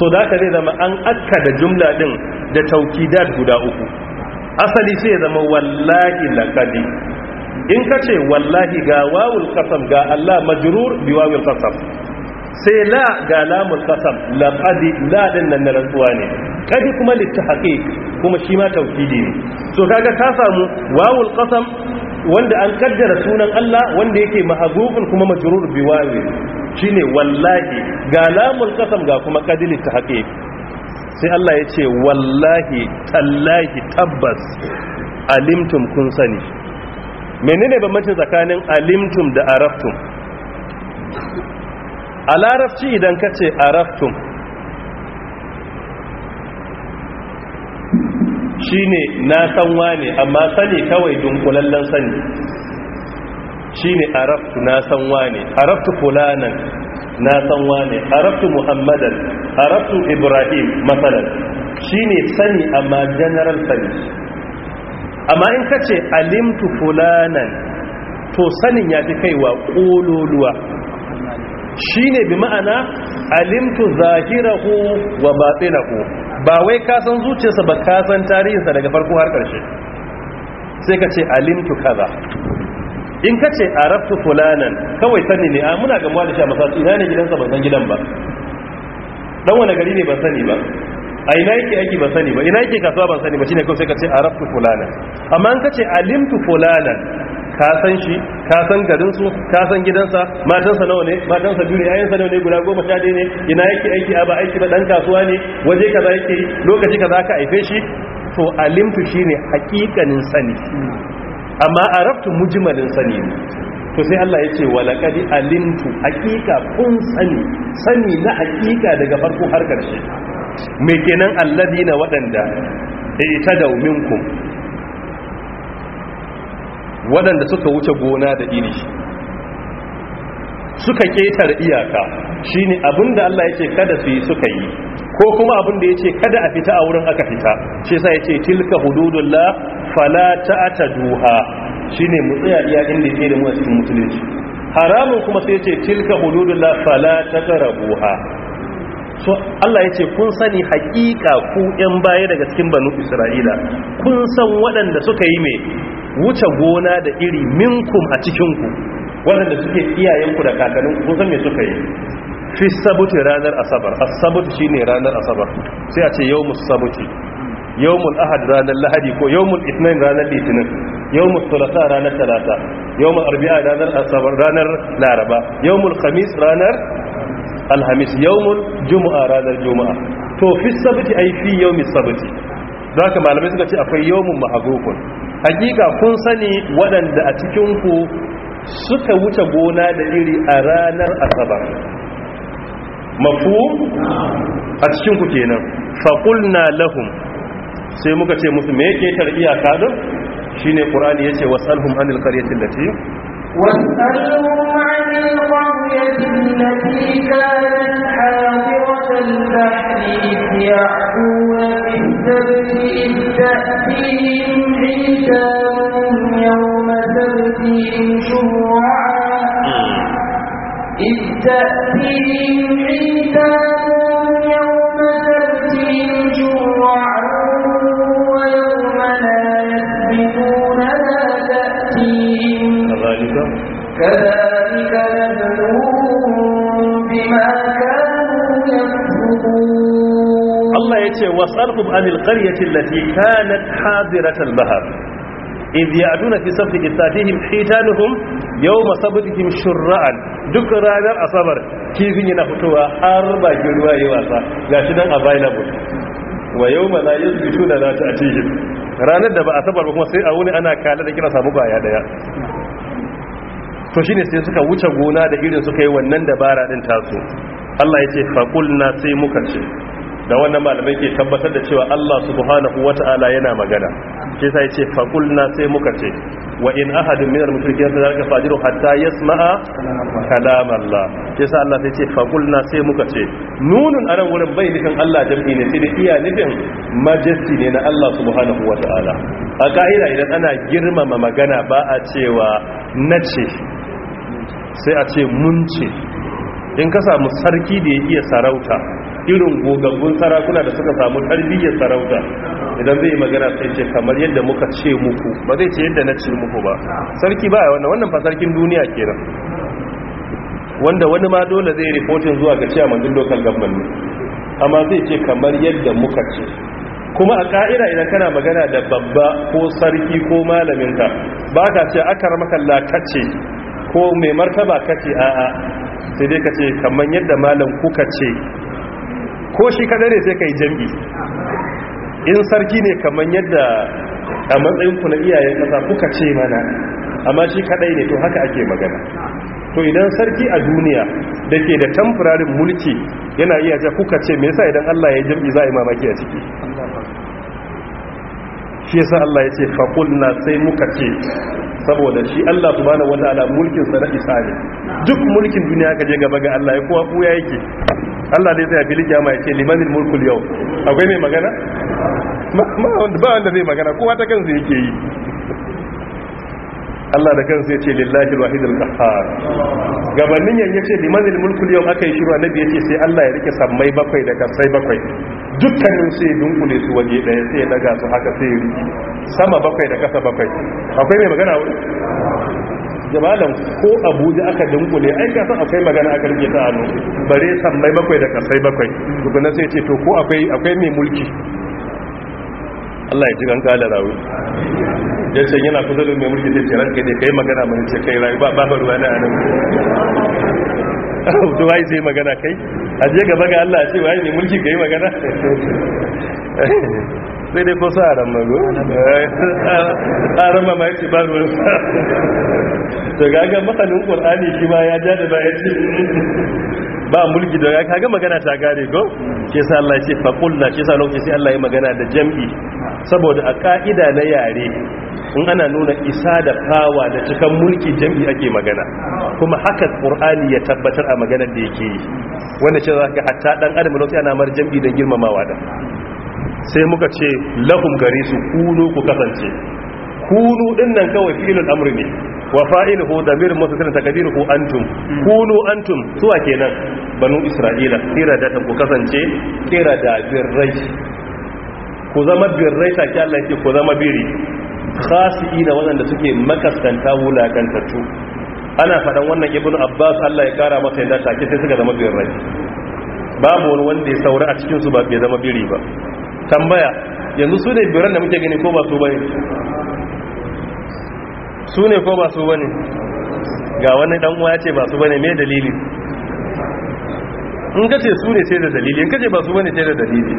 so da aka zai zama an akka da jumla din da taukidar guda uku asali sai zama wallahi laqadi in ka ce wallahi ga wawul qasam ga Allah majrur bi wawul qasam sai la ga lamul qasam laqadi la din nan rantsuwa ne kadi kuma litahqiq kuma shi ma taukidi ne so kaga ka samu wawul qasam wanda an kaddara sunan Allah wanda yake mahabubun kuma majrur bi wawul shine wallahi ga lamun kasam ga kuma kadili ta haƙe sai Allah ya ce wallahi tallahi tabbas alimtum kun sani menene bambancin tsakanin alimtum da araftum a larabci idan ka ce araftum shine na sanwa ne amma sani kawai dunkulallen sani shine araftu na san wane araftu fulanan na san wane araftu muhammadan araftu ibrahim matsalan shine sani amma general sani amma in ka ce alimtu fulanan to sanin ya fi kaiwa ƙololuwa shi ne bi ma'ana alimtu zahirahu wa batsinahu ba wai kasan zuciyarsa ba kasan tarihinsa daga farko har ƙarshe sai ka ce alimtu kaza in ka ce a rabtu fulanan kawai sani ne a muna gamuwa da shi a masallaci ina ne gidansa ban san gidan ba dan wani gari ne ban sani ba a ina yake aiki ban sani ba ina yake kasuwa ban sani ba shine kawai sai ka ce a rabtu fulanan amma in ka ce alimtu fulanan ka san shi ka san garin su ka san gidansa matansa nawa ne matansa biyu ne yayansa nawa ne guda goma sha ɗaya ne ina yake aiki a ba aiki ba dan kasuwa ne waje kaza yake lokaci kaza ka haife shi to alimtu shine hakikanin sani amma a arabtu mujmalin sani ne to sai Allah ya ce walaqad alintu hakika kun sani sani na hakika daga farko har karshe me kenan alladina waɗanda, ita ta dauminku waɗanda suka wuce gona da iri suka ketar iyaka Shi abin abinda Allah yace kada su yi suka yi ko kuma abinda yace kada a fita a wurin aka fita shi ya yace tilka la fala ta duha shine mu tsaya iya inda yake da mu a cikin musulunci haramun kuma sai yace tilka hududullah fala ta taqrabuha so Allah yace kun sani hakika ku yan baya daga cikin banu Isra'ila kun san waɗanda suka yi mai wuce gona da iri minkum a cikinku ku waɗanda suke iyayenku da kakannin kun san me suka yi fi sabuti ranar asabar asabuti shine ranar asabar sai a ce yawmus sabuti yawmul ahad ranar lahadi ko yawmul isnin ranar litinin yawmul thulatha ranar talata yawmul arba'a ranar asabar ranar laraba yawmul khamis ranar alhamis yawmul jumu'a ranar jumu'a to fi sabti ai fi yawmis sabti zaka malamai suka ce akwai yawmun ma'rufun hakika kun sani waɗanda a cikin ku suka wuce gona da iri a ranar asabar mafu a cikin ku kenan faqulna lahum sai muka ce musu me yake tar iyaka din shine qur'ani yace wasalhum anil qaryati allati wasalhum anil qaryati allati kanat hadiratal bahri ya'tuna bis-sabti iddatihim hisabuhum yawma sabtihim shur'a إذ تأتيهم كذلك نبلوهم بما كانوا يكسبون الله يتي واسألهم عن القرية التي كانت حاضرة البحر إذ يأتون في صف إثاتهم حيتانهم يوم صبتهم شرعا duk ranar asabar kifin yana fitowa har bakin ruwa yi wasa ga shi nan wa yau ma la da zata a cikin ranar da ba asabar kuma sai a wuni ana kala da kira samu baya daya to shi ne sai suka wuce gona da irin suka yi wannan dabara din taso. Allah ya ce faƙulna sai muka ce da wannan malamai ke tabbatar da cewa Allah subhanahu ta'ala yana magana shi sai ce faƙulna sai muka ce wa in ahadin minar mushrikin da zalika fajiru hatta yasma'a kalam Allah shi sai Allah sai ce faƙulna sai muka ce a anan wurin bai nufin Allah jam'i ne sai da iya nufin majesty ne na Allah subhanahu ta'ala. a ka'ida idan ana girmama magana ba a cewa ce. sai a ce mun ce in ka samu sarki da ya iya sarauta irin gogaggun sarakuna da suka samu ya sarauta idan zai magana sai ce kamar yadda muka ce muku ba zai ce yadda na ce muku ba sarki ba wannan wannan fa sarkin duniya kenan wanda wani ma dole zai reporting zuwa ga chairman din local government amma zai ce kamar yadda muka ce kuma a ka'ira idan kana magana da babba ko sarki ko malaminka ba ka ce aka ramakalla ce. ko mai martaba kace a'a sai dai kace kamar yadda malam kuka ce ko shi kada ne sai kai jam'i in sarki ne kamar yadda a matsayin ku na iyayen kasa kuka ce mana amma shi kadai ne to haka ake magana to idan sarki a duniya da ke da tamfurarin mulki yana iya ja kuka ce me yasa idan Allah ya jam'i za a yi mamaki a ciki shi yasa Allah yace fa faƙulna sai muka ce saboda shi Allah subhanahu wataala mulkin sa na isali duk mulkin duniya ka je gaba ga Allah ya kowa kuya yake Allah dai tsaya fili kiyama ya ce limanil mulkul yau akwai mai magana ma ba wanda zai magana kowa ta kansa yake yi Allah da kansa ce lillahi alwahid qahhar gabanin yan yace liman almulku yau aka yi shiru annabi yace sai Allah ya rike sammai bakwai da kasai bakwai dukkanin sai dunkule su waje daya sai ya daga su haka sai ya sama bakwai da kasa bakwai akwai mai magana jabalan ko abuja aka dunkule ai ka san akwai magana aka rike ta hannu bare sammai bakwai da kasai bakwai dukkan sai ce to ko akwai akwai mai mulki Allah ya ji ganka da ya ce yana kusa da mai mulki zai ce ranka ne kai magana mai ce kai rayu ba ba ruwa na anan [LAUGHS] to wai sai magana kai a je gaba ga Allah sai wai ne mulki kai magana [LAUGHS] sai dai ko sa aran mago aran [LAUGHS] ma mai ce ba ruwa to ga ga makalin qur'ani shi ma ya ja da ba ya ce ba mulki da ya kaga magana ta gare ko ke sa Allah ya ce fa kullu ke sa lokaci sai Allah ya magana da jam'i saboda a ka'ida na yare in ana nuna isa da fawa da cikan mulki jam'i ake magana kuma haka qur'ani ya tabbatar a maganar da yake yi wanda ce zaka hatta dan adam lokaci ana mar jam'i da girmamawa da sai muka ce lahum gare su ku kasance kunu dinnan kawai fi'ilul amri ne wa fa'iluhu damir mutasil takdiruhu antum kunu antum suwa kenan banu isra'ila kira da ku kasance kira da birrai ku zama birrai take Allah yake ku zama biri khasiina wanda suke makaskanta wulakantattu ana fadan wannan ibnu abbas Allah ya kara masa yadda take sai suka zama birrai babu wani wanda ya saura a cikin su ba bai zama biri ba tambaya yanzu su ne biran da muke gani ko ba su bane su ne ko ba su bane ga wani dan uwa ce ba su bane me dalili in kace su ne sai da dalili in kace ba su bane sai da dalili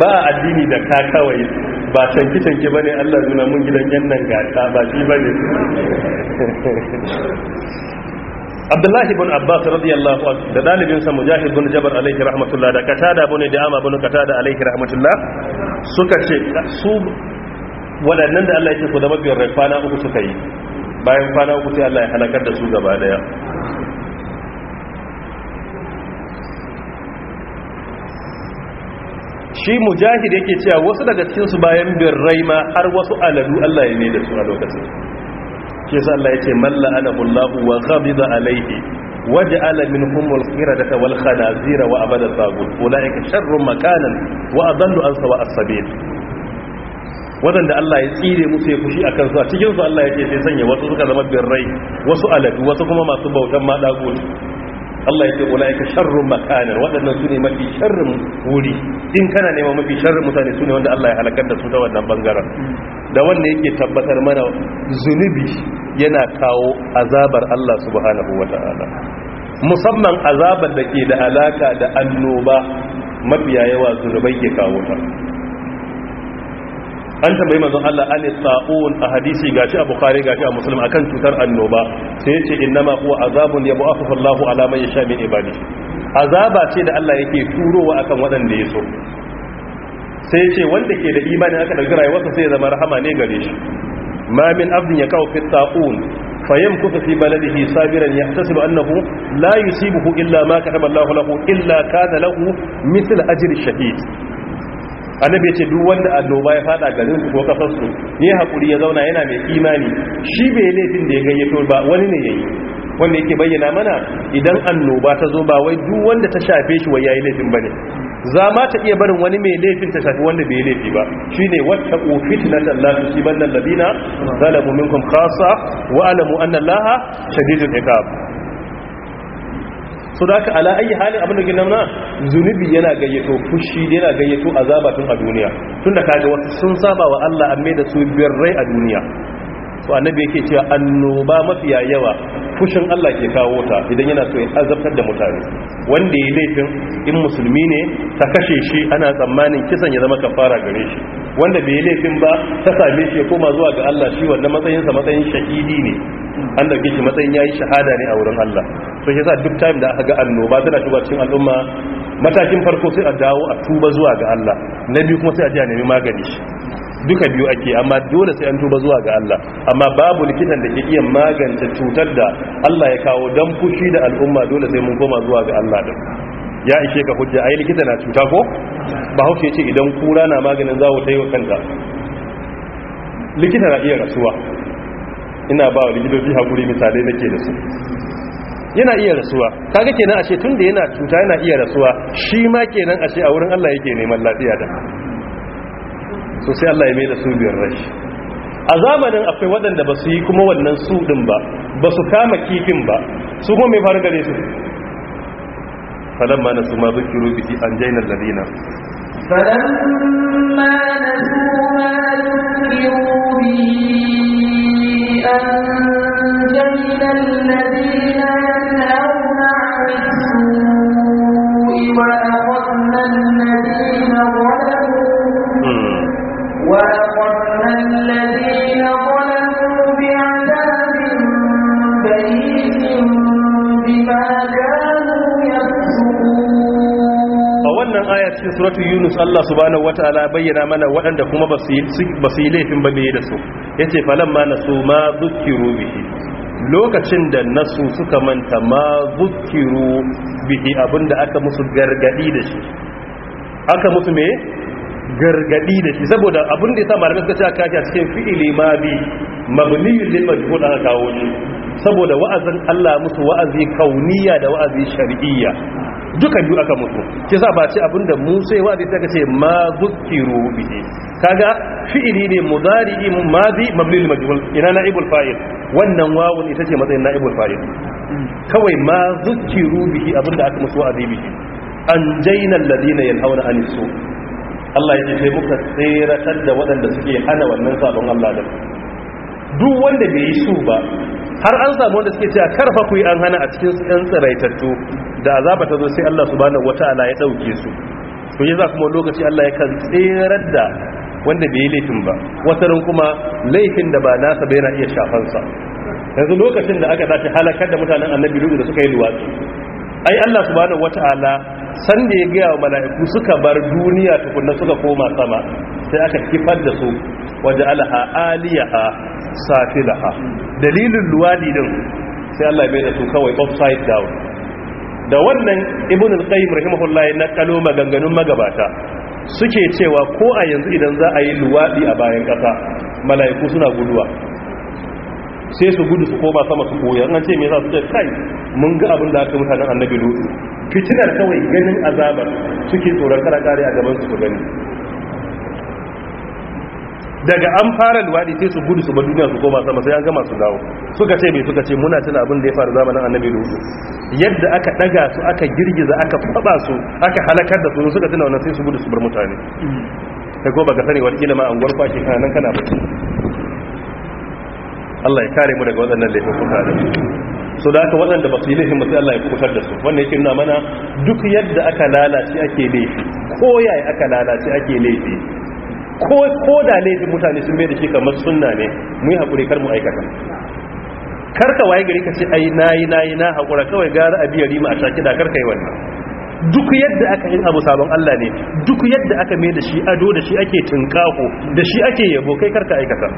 ba addini da ka kawai ba canki-canki ba ne allah zuna mun gidan yan nan gata ba shi ba ne [LAUGHS] abdullahi bin abbas radiyallahu anhu da dalibinsa mujahid bin jabar alaihi rahmatullah da katada bin da'ama bin katada alaihi rahmatullah suka ce su waɗannan da Allah ya ce ku zama biyar rai kwana uku suka yi bayan kwana uku sai Allah ya halakar da su gaba daya shi mujahid yake cewa wasu daga cikin su bayan rai ma har wasu aladu Allah ya ne da su a lokacin ke yasa Allah ce malla anahu Allah wa a alaihi waj'ala minhumul qiradata wal khanazira wa abada tagut ulaika sharrun makanan wa adallu an sawa as-sabil wadanda Allah ya tsire musu ya fushi a su a cikin su Allah ya ce sai sanya wasu suka zama birrai wasu aladu wasu kuma masu bautan madagut Allah ya ce ulaika sharrun makanar wadannan su mafi sharrun wuri din kana nema mafi sharrun mutane sune wanda Allah ya halakar da su ta wannan bangaren da wanda yake tabbatar mana zunubi yana kawo azabar Allah subhanahu wata'ala musamman azabar da ke da alaka da annoba mafiya yawa zunubai ke kawo ta an tambayi manzon Allah an sa'un a hadisi gashi a bukhari gashi a muslim akan cutar annoba sai yace innama huwa azabun yab'athu Allahu ala man yasha min ibadi azaba ce da Allah yake turowa akan waɗanda ya so sai yace wanda ke da imani aka dauki rayuwarsa sai ya zama rahama ne gare shi ma min abdin yakau fi sa'un fayamkutu fi baladihi sabiran yahtasibu annahu la yusibuhu illa ma kataba Allahu lahu illa kana lahu mithl ajri shahid annabi ya ce duk wanda annoba ya fada garin su ko kasar su ne hakuri ya zauna yana mai imani shi bai laifin da ya gayyato ba wani ne yayi wanda yake bayyana mana idan annoba ta zo ba wai duk wanda ta shafe shi wai yayi laifin bane za ma ta iya barin wani mai laifin ta shafi wanda bai laifi ba shine wattaqu fitnatan la tusibanna alladhina zalamu minkum khassa wa alamu anna allaha shadidul iqab so da aka ala ayi halin abin da gina na zunubi yana gayyato fushi yana gayyato azaba tun a duniya tun da kaga wasu sun saba wa Allah an mai da su biyar rai a duniya so annabi yake cewa annoba mafiya yawa fushin Allah ke kawo ta idan yana so ya azabtar da mutane wanda ya laifin in musulmi ne ta kashe shi ana tsammanin kisan ya zama kafara gare shi wanda bai laifin ba ta same shi ya koma zuwa ga Allah shi wannan matsayinsa matsayin shahidi ne an dauke shi matsayin yayi shahada ne a wurin Allah so yasa duk time da aka ga annoba tana shiga cikin al'umma matakin farko sai a dawo a tuba zuwa ga Allah na biyu kuma sai a je a nemi magani duka biyu ake amma dole sai an tuba zuwa ga Allah amma babu likitan da ke iya magance cutar da Allah ya kawo dan fushi da al'umma dole sai mun koma zuwa ga Allah din ya ishe ka hujja ai likita na cuta ko ba hauke ce idan kura na maganin zawo ta yi wa kanta likita na iya rasuwa ina ba wa likitoci hakuri misalai nake da su yana iya rasuwa kaga kenan ashe tunda yana cuta yana iya rasuwa shi ma kenan ashe a wurin Allah yake neman lafiya da so sai Allah ya mai da su biyar rashi a zamanin akwai waɗanda ba su yi kuma wannan su ɗin ba ba su kama kifin ba su kuma mai faru gare su falamma na su ma rubi biki an jainar ladina falamma na su ma zukiru biki an jainar ladina cikin yunus Allah subhanahu ta'ala bayyana mana waɗanda kuma ba su yi laifin ba me da su yace falamma nasu ma dhukiru bihi lokacin da nasu suka manta ma zukiru abin da aka musu gargadi da shi aka musu me gargadi da shi saboda abinda yasa malamai suka ce aka kaji a cikin fi'ili ma bi mabniyul lil majhul aka kawo shi saboda wa'azin Allah musu wa'azi kauniya da wa'azi shar'iyya duka biyu aka mutu ke za ba ce abinda musa yawa da ta ce ma zukiru bihi kaga fi'ili ne mudari'i madi mabni majhul ina naibul fa'il wannan wawun ita ce matsayin naibul fa'il kawai ma zukiru bihi abinda aka mutu a bihi an jaina alladhina yanhauna anis su Allah ya ce muka tseratar da waɗanda suke hana wannan sabon Allah da duk wanda bai yi su ba har an samu wanda suke cewa karfa ku an hana a cikin yan tsiraitattu da azaba ta zo sai Allah subhanahu wataala ya dauke su to yanzu kuma lokaci Allah ya kan tserar da wanda bai yi laifin ba wasarin kuma laifin da ba nasa ba yana iya shafansa yanzu lokacin da aka dace halakar da mutanen annabi duk da suka yi luwatsu ai Allah subhanahu wataala san da ya ga mala'iku suka bar duniya tukunna suka koma sama sai aka kifar da su waje alaha aliyaha safilaha dalilin luwadi din sai Allah bai da su kawai upside down da wannan ibn al-qayyim rahimahullah ya nakalo maganganun magabata suke cewa ko a yanzu idan za a yi luwadi a bayan kasa mala'iku suna guduwa sai su gudu su koma sama su koya an ce me yasa suke kai mun ga abin da aka mutanen annabi lutu fitinar kawai ganin azabar suke tsoron kara kare a gaban su gani daga an fara luwaɗi sai su gudu su ba duniya su koma sama sai an gama su dawo suka ce mai suka ce muna tuna abin da ya faru zamanin annabi da hudu. yadda aka daga su aka girgiza aka faɓa su aka halakar da su suka tuna wannan sai su gudu su bar mutane kai ko baka sani wani ilima an gwarfa ke kana nan kana bacci Allah ya kare mu daga waɗannan laifuka da so da aka waɗanda ba su yi laifin ba sai Allah ya kutar da su wannan yake nuna mana duk yadda aka lalace ake laifi ko yaya aka lalace ake laifi ko da laifin mutane sun mai da shi kamar sunna ne mu yi haƙuri kar mu aikata karka waye gari ka ce ai na yi na yi na haƙura kawai gara a biya rima a da kar karka yi wannan duk yadda aka yi abu sabon Allah ne duk yadda aka mai da shi ado da shi ake tunkaho da shi ake yabo kai karka aikata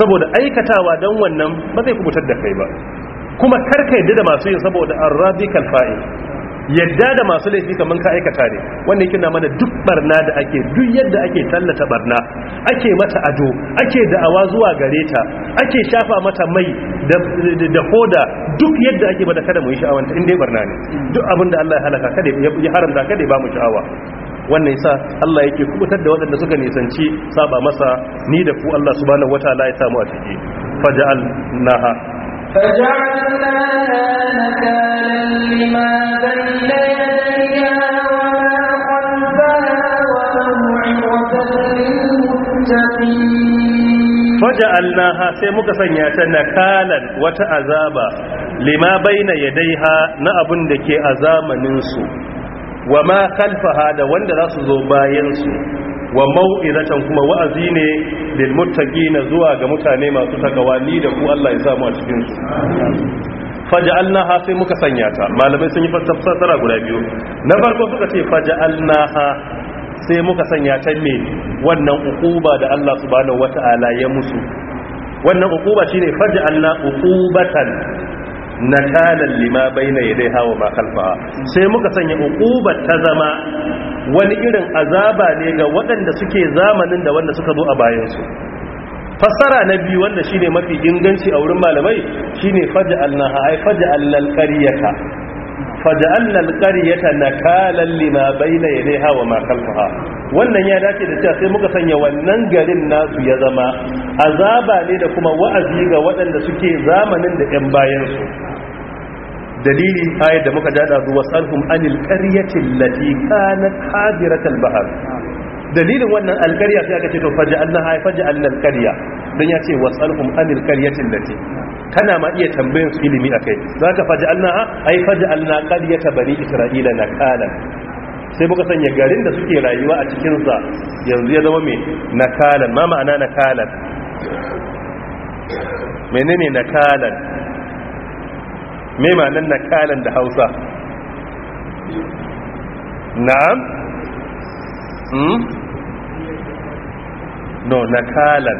saboda aikatawa don wannan ba zai kubutar da kai ba kuma karka yadda da masu yin saboda an radikal fa'il yadda da masu laifi kamar ka aikata ne wanda yake na mana duk barna da ake duk yadda ake tallata barna ake mata ado ake da'awa zuwa gare ta ake shafa mata mai da hoda duk yadda ake bada kada mu yi sha'awanta in dai barna ne duk abin da Allah ya halaka kada ya haramta kada ya ba mu sha'awa wannan yasa Allah yake kubutar da waɗanda suka nisanci saba masa ni da ku Allah subhanahu wataala ya samu a ciki faja'alnaha faja'alnaha faja'alnaha sai muka sanya ta nakalan wata azaba lima baina yadaiha na abun da ke a zamanin su wa ma kalfaha da wanda za su zo bayan su wa mau'izatan kuma wa'azi ne lil muttaqina zuwa ga mutane masu takawa da ku Allah ya samu a cikin su sai muka sanya ta malamai sun yi fassara guda biyu na farko suka ce faja'alnaha sai muka sanya can me wannan ukuba da Allah subhanahu wata'ala ya musu wannan ukuba shine ukubatan na nakalan lima bayna dai hawa ma khalfaha sai muka sanya ukuba ta zama wani irin azaba ne ga waɗanda suke zamanin da wanda suka zo a bayansu. fassara na biyu wanda shine mafi inganci a wurin malamai shine allah ha ay faj'alna Allah karyata. faja'alna alqaryata nakalan lima bayna yadayha wa ma khalfaha wannan ya dace da cewa sai muka sanya wannan garin nasu ya zama azaba ne da kuma wa'azi ga waɗanda suke zamanin da 'yan bayan su dalili ayat da muka dada zuwa sarhum anil qaryati allati kanat hadiratal bahr dalilin wannan al-karya sai aka ce to faja'alna hay faja'alna alkarya dan ya ce wasalhum anil qaryati allati kana ma iya tambayin su ilimi a kai za ka faji a ai faji alna ƙaryata bari isra'ila na kalan sai muka sanya garin da suke rayuwa a cikinsa yanzu ya zama mai na kalan ma ma'ana na ƙalan menene na kalan mai ma'anan na kalan da hausa na'am hmm? no na kalan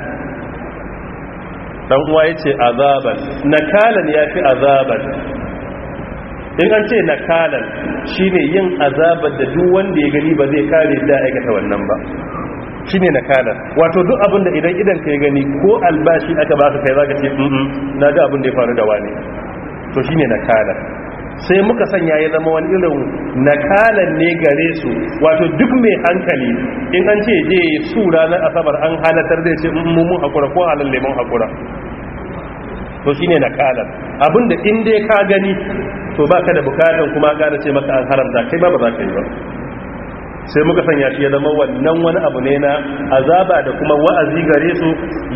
dan uwa yace azaban nakalan yafi azaban in an ce nakalan shine yin azaban da duk wanda ya gani ba zai kare da aikata wannan ba shine nakalan wato duk abin da idan idan ka gani ko albashi aka baka kai zaka ce na ga abin da ya faru da wani to shine nakalan sai muka sanya ya zama wani irin nakalan ne gare su wato duk mai hankali in an ce je su ranar asabar an halatar da ce mummun hakura ko halin lemon hakura to shine nakalan abinda in ya ka gani to ba ka da bukatan kuma gane ce maka an haramta kai ba ba za ka yi ba sai muka sanya shi ya zama wannan wani abu ne na azaba da kuma wa'azi gare su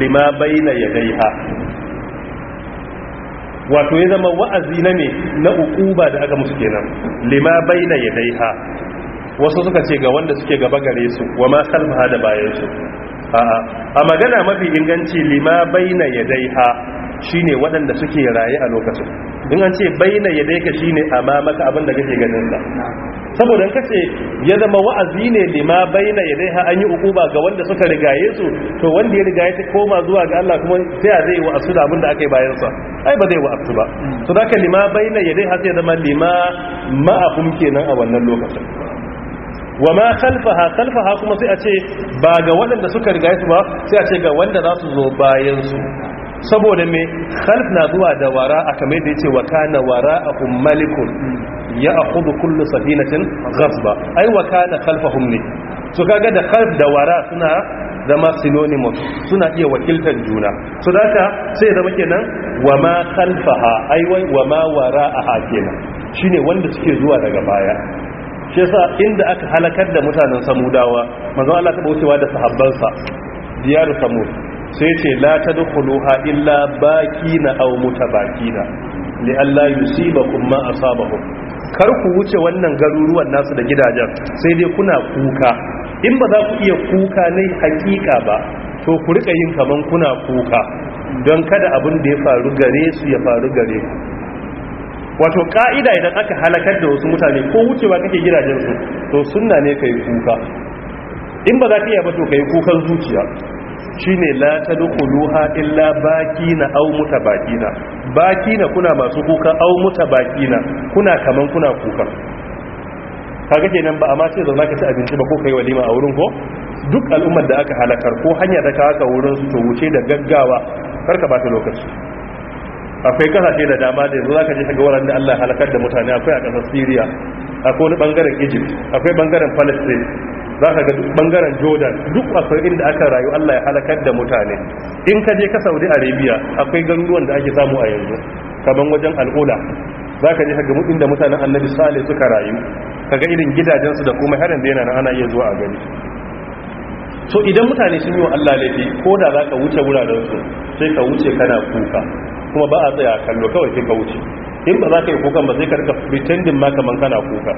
lima ya gaiha. wato ya zama wa'azi na ne na uƙuba da aka musu kenan lima baina ha, wasu suka ce ga wanda suke gaba gare su wa ma ha da bayan su a magana mafi inganci lima baina shi shine waɗanda suke raye a lokacin in an ce baina ne shine ma abin da kake ganin sa saboda ka ce ya zama wa'azi ne lima baina ya ha an yi ukuba ga wanda suka rigaye su to wanda ya rigaye ta koma zuwa ga Allah kuma a zai yi asu da abin da aka yi bayansa. sa ai ba zai wa asu ba to da ka lima baina ya ha sai zama lima ma'ahum kenan a wannan lokacin wa ma khalfaha khalfaha kuma sai a ce ba ga waɗanda suka rigaye su ba sai a ce ga wanda za su zo bayan su saboda mai khalif na zuwa da wara a kamar da ya ce wa kana wara a malikun ya a kudu kullu safinatin gasba, ai wa kana khalfahum ne su kaga da khalif da wara suna zama synonymous suna iya wakiltar juna su daga sai zama kenan wa ma khalfaha aiwai wa ma wara a wara'aha shi shine wanda suke zuwa daga baya shi sa inda aka halakar da mutanen samudawa mazan Allah ta wa da sahabbansa diyaru samud sai ce la ta tadkhuluha illa muta baki na li alla yusibakum ma asabakum kar ku wuce wannan garuruwan nasu da gidajen sai dai kuna kuka in ba za ku iya kuka ne hakika ba to ku rika yin kaman kuna kuka don kada abin da ya faru gare su ya faru gare ku wato ka'ida idan aka halakar da wasu mutane ko wucewa kake gidajensu to sunna ne kai kuka in ba za ka iya ba to kai kukan zuciya Shi shine la tadkhuluha illa bakina au baki bakina kuna masu kuka au baki na kuna kaman kuna kuka kaga kenan ba amma ce zauna ka ci abinci ba ko kai walima a wurin ko duk al'ummar da aka halakar ko hanya da ka haka wurin su to wuce da gaggawa karka ba ta lokaci akwai kasashe da dama da yanzu zaka je ka ga wurin da Allah halakar da mutane akwai a kasar Syria akwai wani bangaren Egypt akwai bangaren Palestine za ka ga bangaren jordan duk akwai inda aka rayu allah ya halakar da mutane in ka je ka saudi arabia akwai garuruwan da ake samu a yanzu kaban wajen al'ula za ka je ka gamu inda mutanen annabi salih suka rayu ka ga irin gidajensu da kuma harin da yana ana iya zuwa a gani so idan mutane sun yi wa allah laifi ko da za ka wuce wurarensu sai ka wuce kana kuka kuma ba a tsaya kallo kawai sai ka wuce in ba za ka yi kukan ba sai ka rika pretending ma kaman kana kuka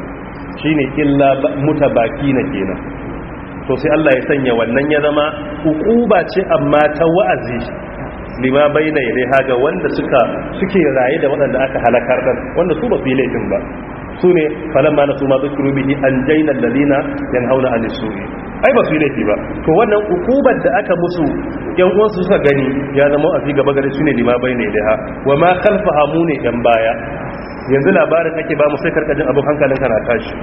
Shi ne illa muta baki na kenan to sai Allah ya sanya wannan ya zama hukuba ce amma ta wa'azi lima baina yadai haga wanda suka suke raye da waɗanda aka halakar da wanda su ba su yi laifin ba su ne falamma na su ma zukuru bihi an jainar lalina yan hauna a su. ai ba su yi laifi ba to wannan ukubar da aka musu yan uwansu suka gani ya zama a gaba gari su ne lima bai ne da ha wa ma kalfa hamu ne yan baya yanzu labarin ake ba mu karkajin abin hankalin kana tashi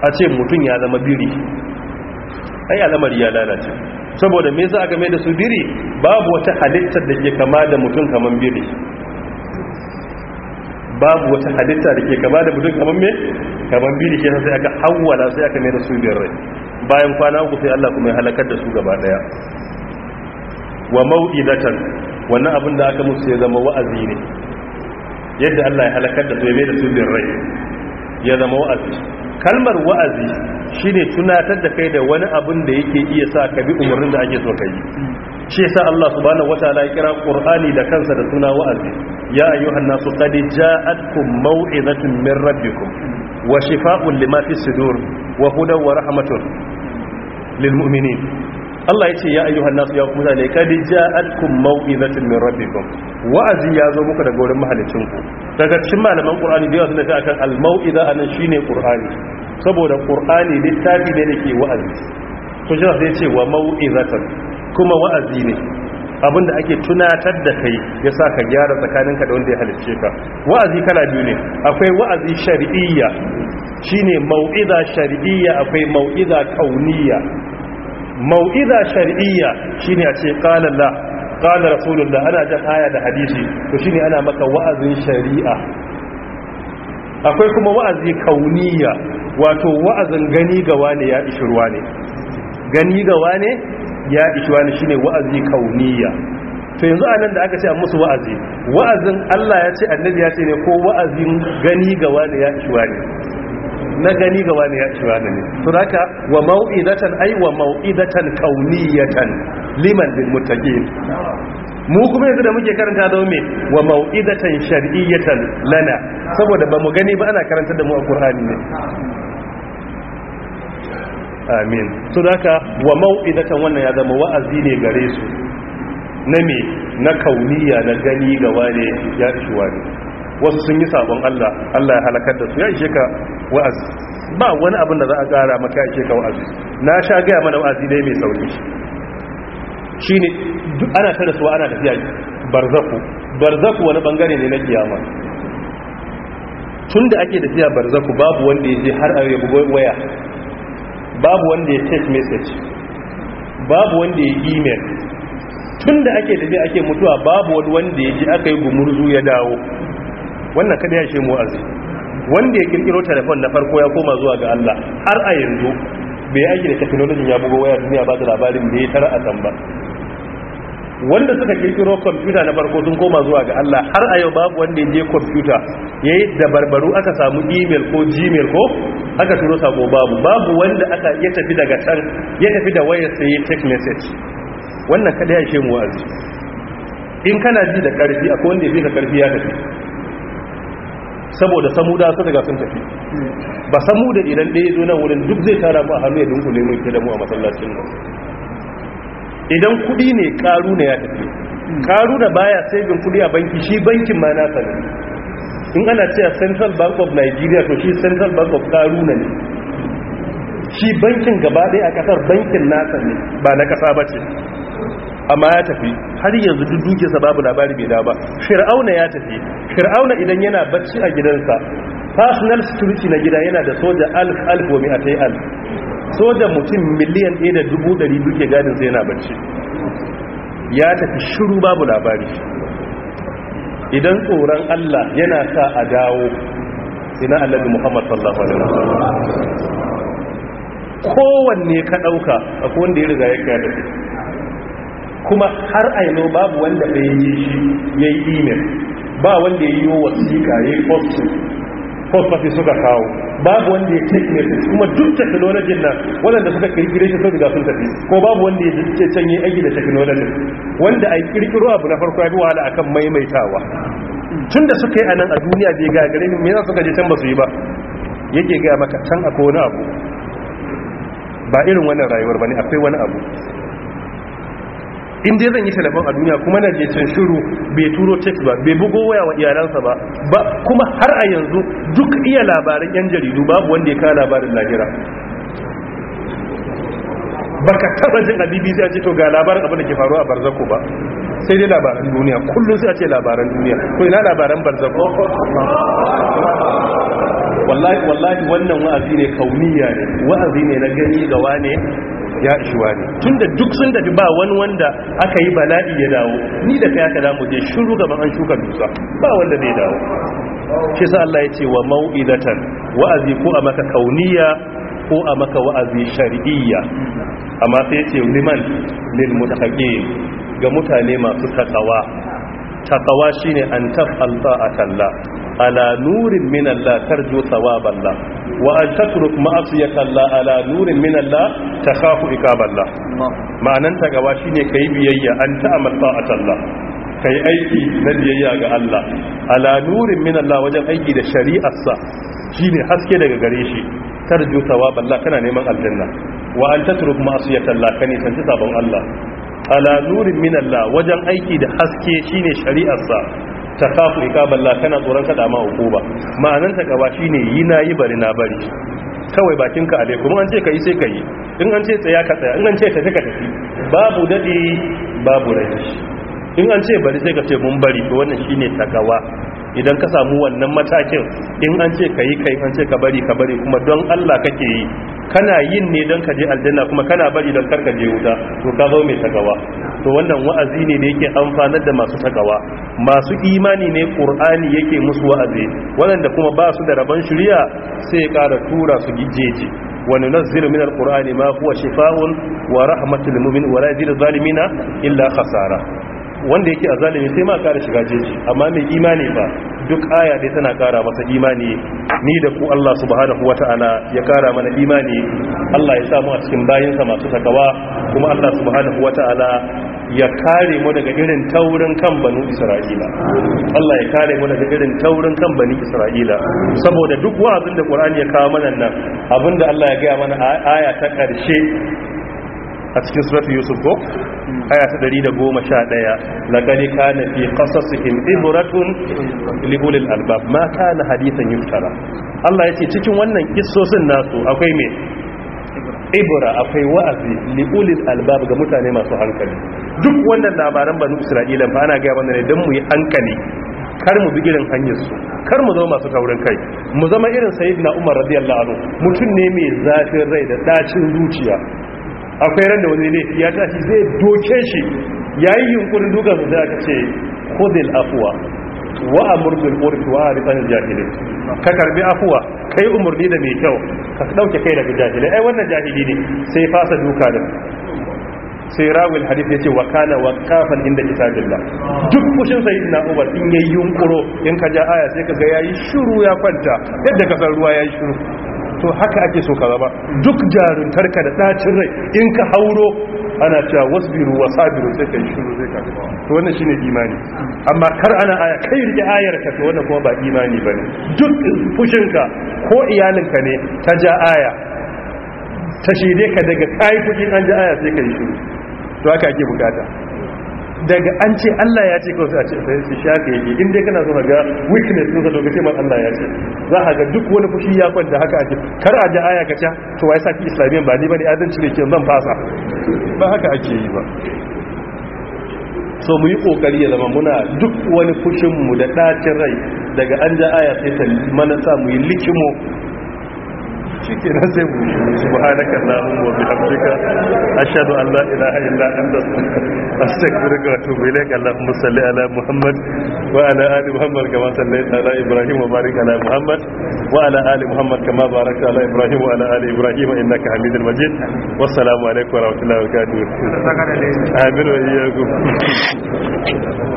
a ce mutum ya zama biri ai alamari ya lalace saboda me za a game da su biri babu wata halittar da ke kama da mutum kaman biri babu wata halitta da ke kama da mutum kaman me kaman biri ke sai aka hawala sai aka mai da su biyar rai bayan kwana uku sai Allah kuma ya halakar da su gaba daya wa mau'izatan wannan abin da aka musu ya zama wa'azi ne yadda Allah ya halakar da su ya mai da su rai ya zama wa'azi kalmar wa'azi shine tunatar da kai da wani abin da yake iya sa ka bi umarnin da ake so ka yi shi yasa Allah subhanahu wataala ya kira Qur'ani da kansa da suna wa'azi ya ayyuhan nasu qad ja'atkum maw'izatun min rabbikum wa shifaa'un lima fi sudur wa hudan wa rahmatun lil mu'minin Allah ya ce ya ayyuhan nasu ya kuma ne kadi ja'atkum mau'izatun min rabbikum wa'azi ya zo muku daga wurin mahalicin ku daga cikin malaman qur'ani da yawa suna akan al-mau'iza anan shine qur'ani saboda qur'ani littafi ne da ke wa'azi to jira sai ce wa mau'izatan kuma wa'azi ne abinda ake tunatar da kai ya sa ka gyara tsakaninka da wanda ya halicce ka wa'azi kala biyu ne akwai wa'azi shari'iyya shine mau'iza shari'iyya akwai mau'iza kauniyya mau'iza shar'iyya shine a ce qala Allah qala rasulullah ana jan aya da hadisi to shine ana maka wa'azin shari'a akwai kuma wa'azi kauniya wato wa'azin gani ga wani ya ishirwa ne gani ga wani ya ishi ne shine wa'azi kauniya to yanzu a nan da aka ce a musu wa'azi wa'azin Allah ya ce annabi ya ce ne ko wa'azin gani ga wani ya ishi ne. na gani ga wani ya ci wani ne to haka wa mau'izatan ai wa mau'izatan kauniyatan liman lil muttaqin mu kuma yanzu da muke karanta da me wa mau'izatan shar'iyatan lana saboda ba mu gani ba ana karanta da mu a ne amin to haka wa mau'izatan wannan ya zama wa'azi ne gare su na me na kauniya na gani ga wani ya ci wani wasu sun yi sabon Allah Allah ya halakar da su ya ishe ka wa'azi ba wani abin da za a kara maka ya ishe ka wa'azi na sha gaya mana wa'azi dai mai sauki shi duk ana ta da su ana tafiya barzaku barzaku wani bangare ne na kiyama tun da ake tafiya barzaku babu wanda ya je har a yabu waya babu wanda ya text message babu wanda ya email tun da ake tafiya ake mutuwa babu wani wanda ya ji aka yi gumurzu ya dawo wannan kada ya mu wa'azi wanda ya kirkiro telefon na farko ya koma zuwa ga Allah har a yanzu bai aiki da technology ya bugo waya duniya ba da labarin da ya tara a san ba wanda suka kirkiro kwamfuta na farko sun koma zuwa ga Allah har a yau babu wanda ya je kwamfuta ya yi dabarbaru aka samu email ko gmail ko aka turo sako babu babu wanda aka ya tafi daga can ya tafi da waya sai text message wannan kada ya mu wa'azi in kana ji da karfi akwai wanda ya fi ka karfi ya tafi saboda samuda su daga sun tafi ba samuda idan ɗaya zo nan wurin duk zai tara mu a hannu ya dunkule mu ke da mu a masallacin nan idan kuɗi ne karu ne ya tafi karu da baya bin kuɗi a banki shi bankin ma na sani in ana cewa central bank of nigeria to shi central bank of na ne shi bankin gaba ɗaya a ƙasar bankin nasa ne ba na kasa ba ce amma ya tafi har yanzu duk dukiyarsa babu labari bai da ba fir'auna ya tafi fir'auna idan yana bacci a gidansa personal security na gida yana da soja alf alf wa mi'atai alf soja mutum miliyan ɗaya da dubu ɗari duke gadin sai yana bacci ya tafi shiru babu labari idan tsoron Allah yana sa a dawo ina annabi Muhammad sallallahu alaihi wasallam kowanne ka dauka akwai wanda ya riga ya kada kuma har aino babu wanda bai yi shi ya yi ba wanda ya yi wasiƙa ya yi fosfati suka kawo babu wanda ya take kuma duk technology nan wadanda suka kirkire shi sun sun tafi ko babu wanda ya ce can yi aiki da technology wanda a kirkiro abu na farko ya bi wahala akan maimaitawa tun da suka yi a nan a duniya bai gagare ne mai suka je can ba su yi ba yake gaya maka can akwai wani abu ba irin wannan rayuwar ba ne akwai wani abu in dai zan yi telefon a duniya kuma na je can shiru bai turo text ba bai bugo waya wa iyalansa ba ba kuma har a yanzu duk iya labaran yan jaridu babu wanda ya kawo labarin lahira ka taba jin a BBC a ce to ga labarin abin da ke faruwa a Barzako ba sai dai labaran duniya kullum sai a ce labaran duniya ko ina labaran Barzako wallahi wallahi wannan wa'azi ne kauniya ne wa'azi ne na gani gawa ne ya ishuwa ne tun da duk sun dafi ba wani wanda aka yi bala'i ya dawo ni da kai aka damu je shiru gaban an shuka dusa ba wanda zai dawo shi sa Allah ya ce wa mau'izatan wa'azi ko a maka kauniya ko a maka wa'azi shar'iyya amma sai ya ce liman lil muttaqin ga mutane masu takawa takawa shine an tafalla talla. ala nurin min Allah tarju thawaballah wa an tatruk ma'asiyata Allah ala nurin min Allah takhafu iqaballah ma'anan ta gaba shine kai biyayya an ta'amal ta'atallah kai aiki na biyayya ga Allah ala nurin min Allah wajen aiki da shari'arsa shine haske daga gare shi tarju thawaballah kana neman aljanna wa an tatruk ma'asiyata Allah kani san sabon Allah ala nurin min Allah wajen aiki da haske shine shari'arsa ta kafu iqaballah kana tsoron kada ma ba ma'anar ta gaba shine yi na yi bari na bari kawai bakin ka alai kuma an ce kai sai kai in an ce tsaya ka tsaya in an ce tafi ka tafi babu dadi babu rai in an ce bari sai ka ce mun bari to wannan shine gawa idan ka samu wannan matakin in an ce ka yi kai an ce ka bari ka bari kuma don Allah kake yi kana yin ne don ka je aljanna kuma kana bari don karka je wuta to ka zo mai tagawa to wannan wa'azi ne da yake amfanar da masu takawa masu imani ne qur'ani yake musu wa'azi wanda kuma ba su da rabon shari'a sai ya ƙara tura su gijeje wani nazirin minal ƙur'ani ma kuwa shifaa'un wa rahmatul mumin wa rajin zalimina illa khasara wanda yake a zalimi sai ma ƙara shiga jeji amma mai imani ba duk aya dai tana ƙara masa imani ni da ku Allah subhanahu wata'ala ya ƙara mana imani Allah ya samu a cikin bayinsa masu takawa kuma Allah subhanahu wata'ala ya kare mu daga irin taurin kan banu isra'ila Allah ya kare mu daga irin taurin kan banu isra'ila saboda duk wa'azin da qur'ani ya kawo mana nan abinda Allah ya gaya mana aya ta karshe a cikin suratul yusuf ko aya ta 111 laqad kana fi qasasihim ibratun li ulil albab ma kana hadithan yuftara Allah ya ce cikin wannan kissosin nasu akwai me ibra akwai wa'azi li ulil albab ga mutane masu hankali duk wannan labaran banu isra'ila ba ana gaya mana ne dan mu yi hankali kar mu bi irin hanyar su kar mu zama masu taurin kai mu zama irin sayyidina umar radiyallahu anhu mutum ne mai zafin rai da dacin zuciya akwai ran da wani ne ya tashi zai doke shi yayi yunkurin dukan su da ce khudil afwa wa amur bil urfi wa arifan jahilin ka karbi afwa kai umarni da mai kyau ka ɗauke kai daga jahilai ai wannan jahili ne sai fasa duka da sai rawul hadith yace wa kana kafan inda kitabillah duk kushin ina Umar in yayi yunkuro in ka ja aya sai ka ga yayi shiru ya kwanta yadda kasar ruwa yayi shiru to haka ake so ka zama duk jaruntarka da ɗacin rai in ka hauro ana cewa wasbiru wa sabiru sai yi shiru zai kaga to wannan shine imani amma kar ana aya kai rike ayar ka to wannan kuma ba imani bane duk fushinka ko iyalinka ne ta ja aya ta shide ka daga kai fushin an ja aya sai ka yi shiru to haka ake bukata daga an ce Allah ya ce kawai sai a ce sai su shafe yi inda dai kana so ga weakness ɗinsa to ce man Allah ya ce za ka ga duk wani fushi ya kwanta haka ake kar a ji aya ka ce to wai saki islamiyan ba ni bane adalci ne ke zan fasa ba haka ake yi ba so mu yi kokari ya zama muna duk wani fushinmu da ɗacin rai daga an ja aya sai ta mana sa mu yi likimo shikenan sai mu subhanaka allahumma wa bihamdika ashhadu an la ilaha illa anta astaghfiruka wa atubu allahumma salli ala muhammad wa ala ali muhammad kama sallaita ala ibrahim wa barik ala muhammad wa ala ali muhammad kama barakta ala ibrahim wa ala ali ibrahim innaka hamidul majid wa rahmatullahi wa barakatuh amin wa iyyakum